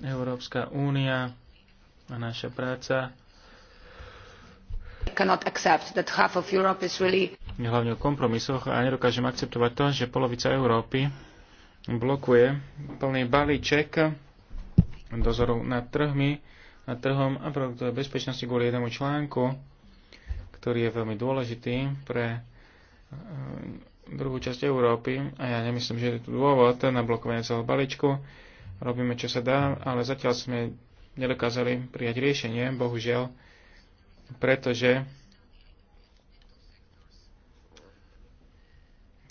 Európska únia a naša práca really... hlavne o kompromisoch a nedokážem akceptovať to, že polovica Európy blokuje plný balíček dozoru nad trhmi, nad trhom a produktovej bezpečnosti kvôli jednému článku, ktorý je veľmi dôležitý pre eh, druhú časť Európy a ja nemyslím, že je tu dôvod na blokovanie celého balíčku. Robíme, čo sa dá, ale zatiaľ sme nedokázali prijať riešenie, bohužiaľ, pretože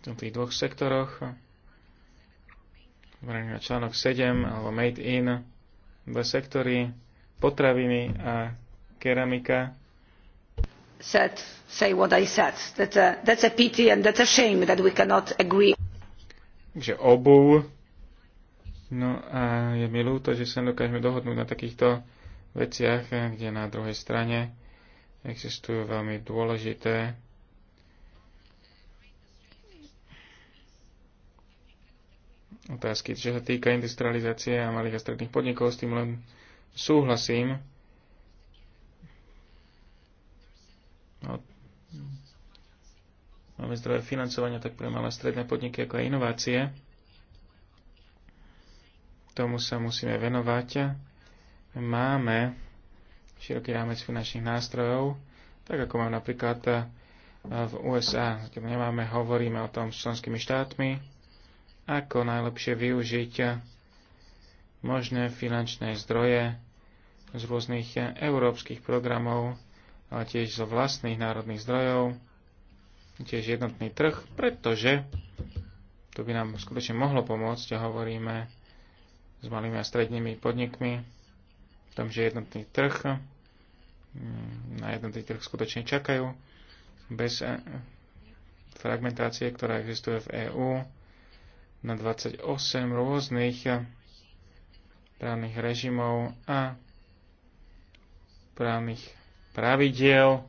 v tých dvoch sektoroch, článok 7 alebo Made in, dva sektory, potraviny a keramika. Said, say what I said. That's a, that's a pity and that's a shame that we cannot agree. Takže obuv. No a je mi ľúto, že sa dokážeme dohodnúť na takýchto veciach, kde na druhej strane existujú veľmi dôležité otázky. Čo sa týka industrializácie a malých a stredných podnikov, s tým len súhlasím. No, máme zdroje financovania tak pre malé a stredné podniky ako aj inovácie. Tomu sa musíme venovať. Máme široký rámec finančných nástrojov, tak ako mám napríklad v USA. Keď nemáme, hovoríme o tom s členskými štátmi ako najlepšie využiť možné finančné zdroje z rôznych európskych programov, ale tiež zo vlastných národných zdrojov, tiež jednotný trh, pretože to by nám skutočne mohlo pomôcť a hovoríme s malými a strednými podnikmi v tom, že jednotný trh mm, na jednotný trh skutočne čakajú bez eh, fragmentácie, ktorá existuje v EÚ na 28 rôznych eh, právnych režimov a právnych pravidiel.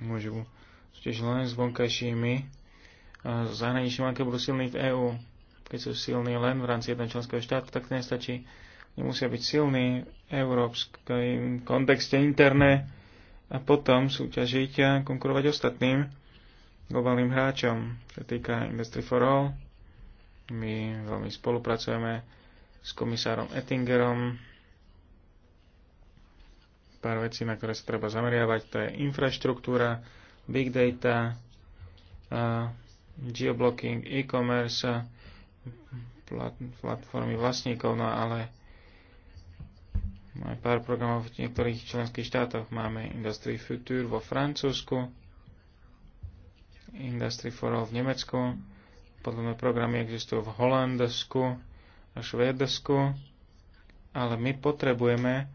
Môžu tiež len s vonkajšími zahraničným, aké budú silní v EÚ. Keď sú silní len v rámci jedného členského štátu, tak to nestačí. Nemusia byť silní v európskom kontexte interné a potom súťažiť a konkurovať ostatným globálnym hráčom. Čo týka Industry for All, my veľmi spolupracujeme s komisárom Ettingerom. Pár vecí, na ktoré sa treba zameriavať, to je infraštruktúra, big data, geoblocking, e-commerce, platformy vlastníkov, no ale Máme pár programov v niektorých členských štátoch. Máme Industry Future vo Francúzsku, Industry for All v Nemecku, podobné programy existujú v Holandsku a Švédsku, ale my potrebujeme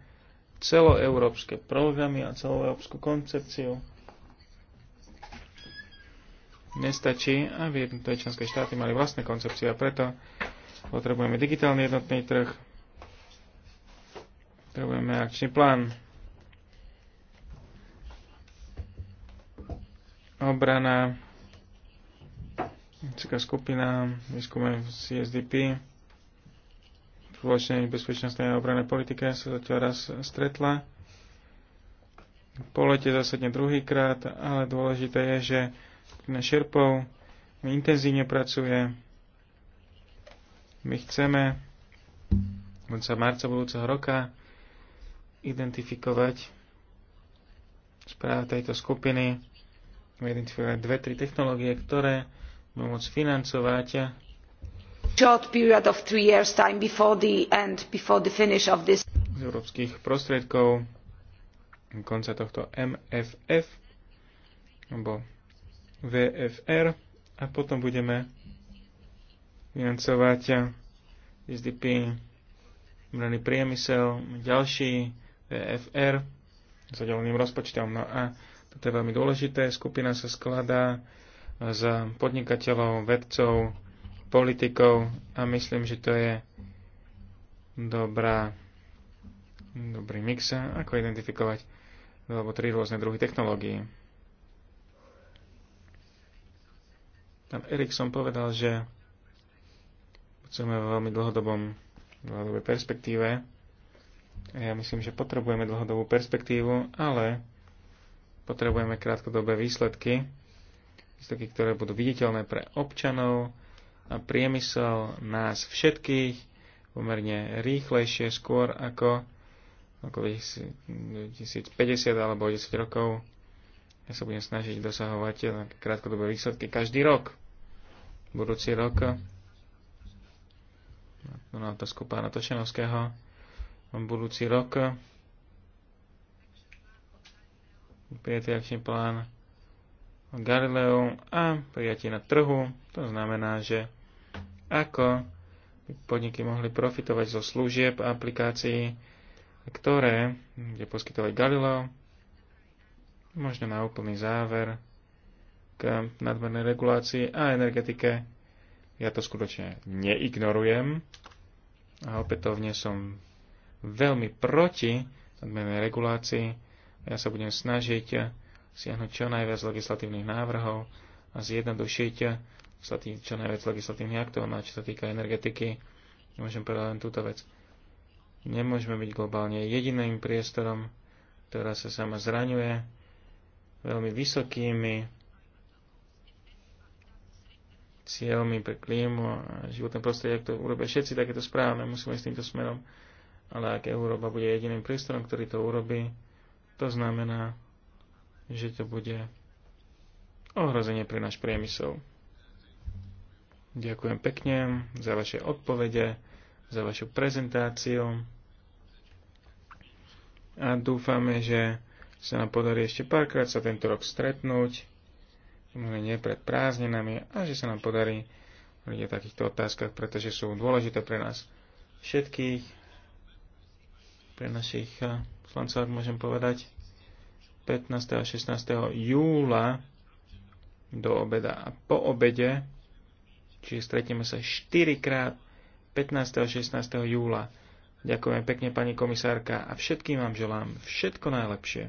celoeurópske programy a celoeurópsku koncepciu. Nestačí, aby jednotlivé členské štáty mali vlastné koncepcie a preto potrebujeme digitálny jednotný trh, Potrebujeme akčný plán. Obrana, Česká skupina, výskume v CSDP, spoločnej bezpečnostnej a obrané politike sa zatiaľ raz stretla. Po lete zásadne druhýkrát, ale dôležité je, že na Šerpov intenzívne pracuje. My chceme konca marca budúceho roka identifikovať práve tejto skupiny, identifikovať dve, tri technológie, ktoré budú môcť financovať short period of three years' time before the end, before the finish of this. Z európskych prostriedkov konca tohto MFF alebo VFR a potom budeme financovať SDP, mrený priemysel, ďalší EFR s oddeleným rozpočtom. No a toto je veľmi dôležité. Skupina sa skladá z podnikateľov, vedcov, politikov a myslím, že to je dobrá, dobrý mix, ako identifikovať alebo tri rôzne druhy technológií. Tam Erikson povedal, že chceme v veľmi dlhodobom, dlhodobej perspektíve ja myslím, že potrebujeme dlhodobú perspektívu, ale potrebujeme krátkodobé výsledky, výsledky, ktoré budú viditeľné pre občanov a priemysel nás všetkých pomerne rýchlejšie, skôr ako ako 2050 alebo 10 rokov. Ja sa budem snažiť dosahovať krátkodobé výsledky každý rok. Budúci rok no, no, na otázku pána Tošenovského budúci rok. Prijatý akčný plán Galileo a prijatie na trhu. To znamená, že ako by podniky mohli profitovať zo služieb a aplikácií, ktoré bude poskytovať Galileo. Možno na úplný záver k nadmernej regulácii a energetike. Ja to skutočne neignorujem a opätovne som veľmi proti nadmernej regulácii. Ja sa budem snažiť siahnuť čo najviac legislatívnych návrhov a zjednodušiť čo najviac legislatívnych aktov. na no čo sa týka energetiky, môžem povedať len túto vec. Nemôžeme byť globálne jediným priestorom, ktorá sa sama zraňuje veľmi vysokými cieľmi pre klímu a životné prostredie, ak to urobia všetci, tak je to správne, musíme s týmto smerom ale ak Európa bude jediným priestorom, ktorý to urobí, to znamená, že to bude ohrozenie pre náš priemysel. Ďakujem pekne za vaše odpovede, za vašu prezentáciu a dúfame, že sa nám podarí ešte párkrát sa tento rok stretnúť, možno nie pred prázdninami, a že sa nám podarí hovoriť o takýchto otázkach, pretože sú dôležité pre nás všetkých pre našich eh, poslancov, ak môžem povedať, 15. a 16. júla do obeda a po obede, čiže stretneme sa 4 krát 15. a 16. júla. Ďakujem pekne, pani komisárka, a všetkým vám želám všetko najlepšie.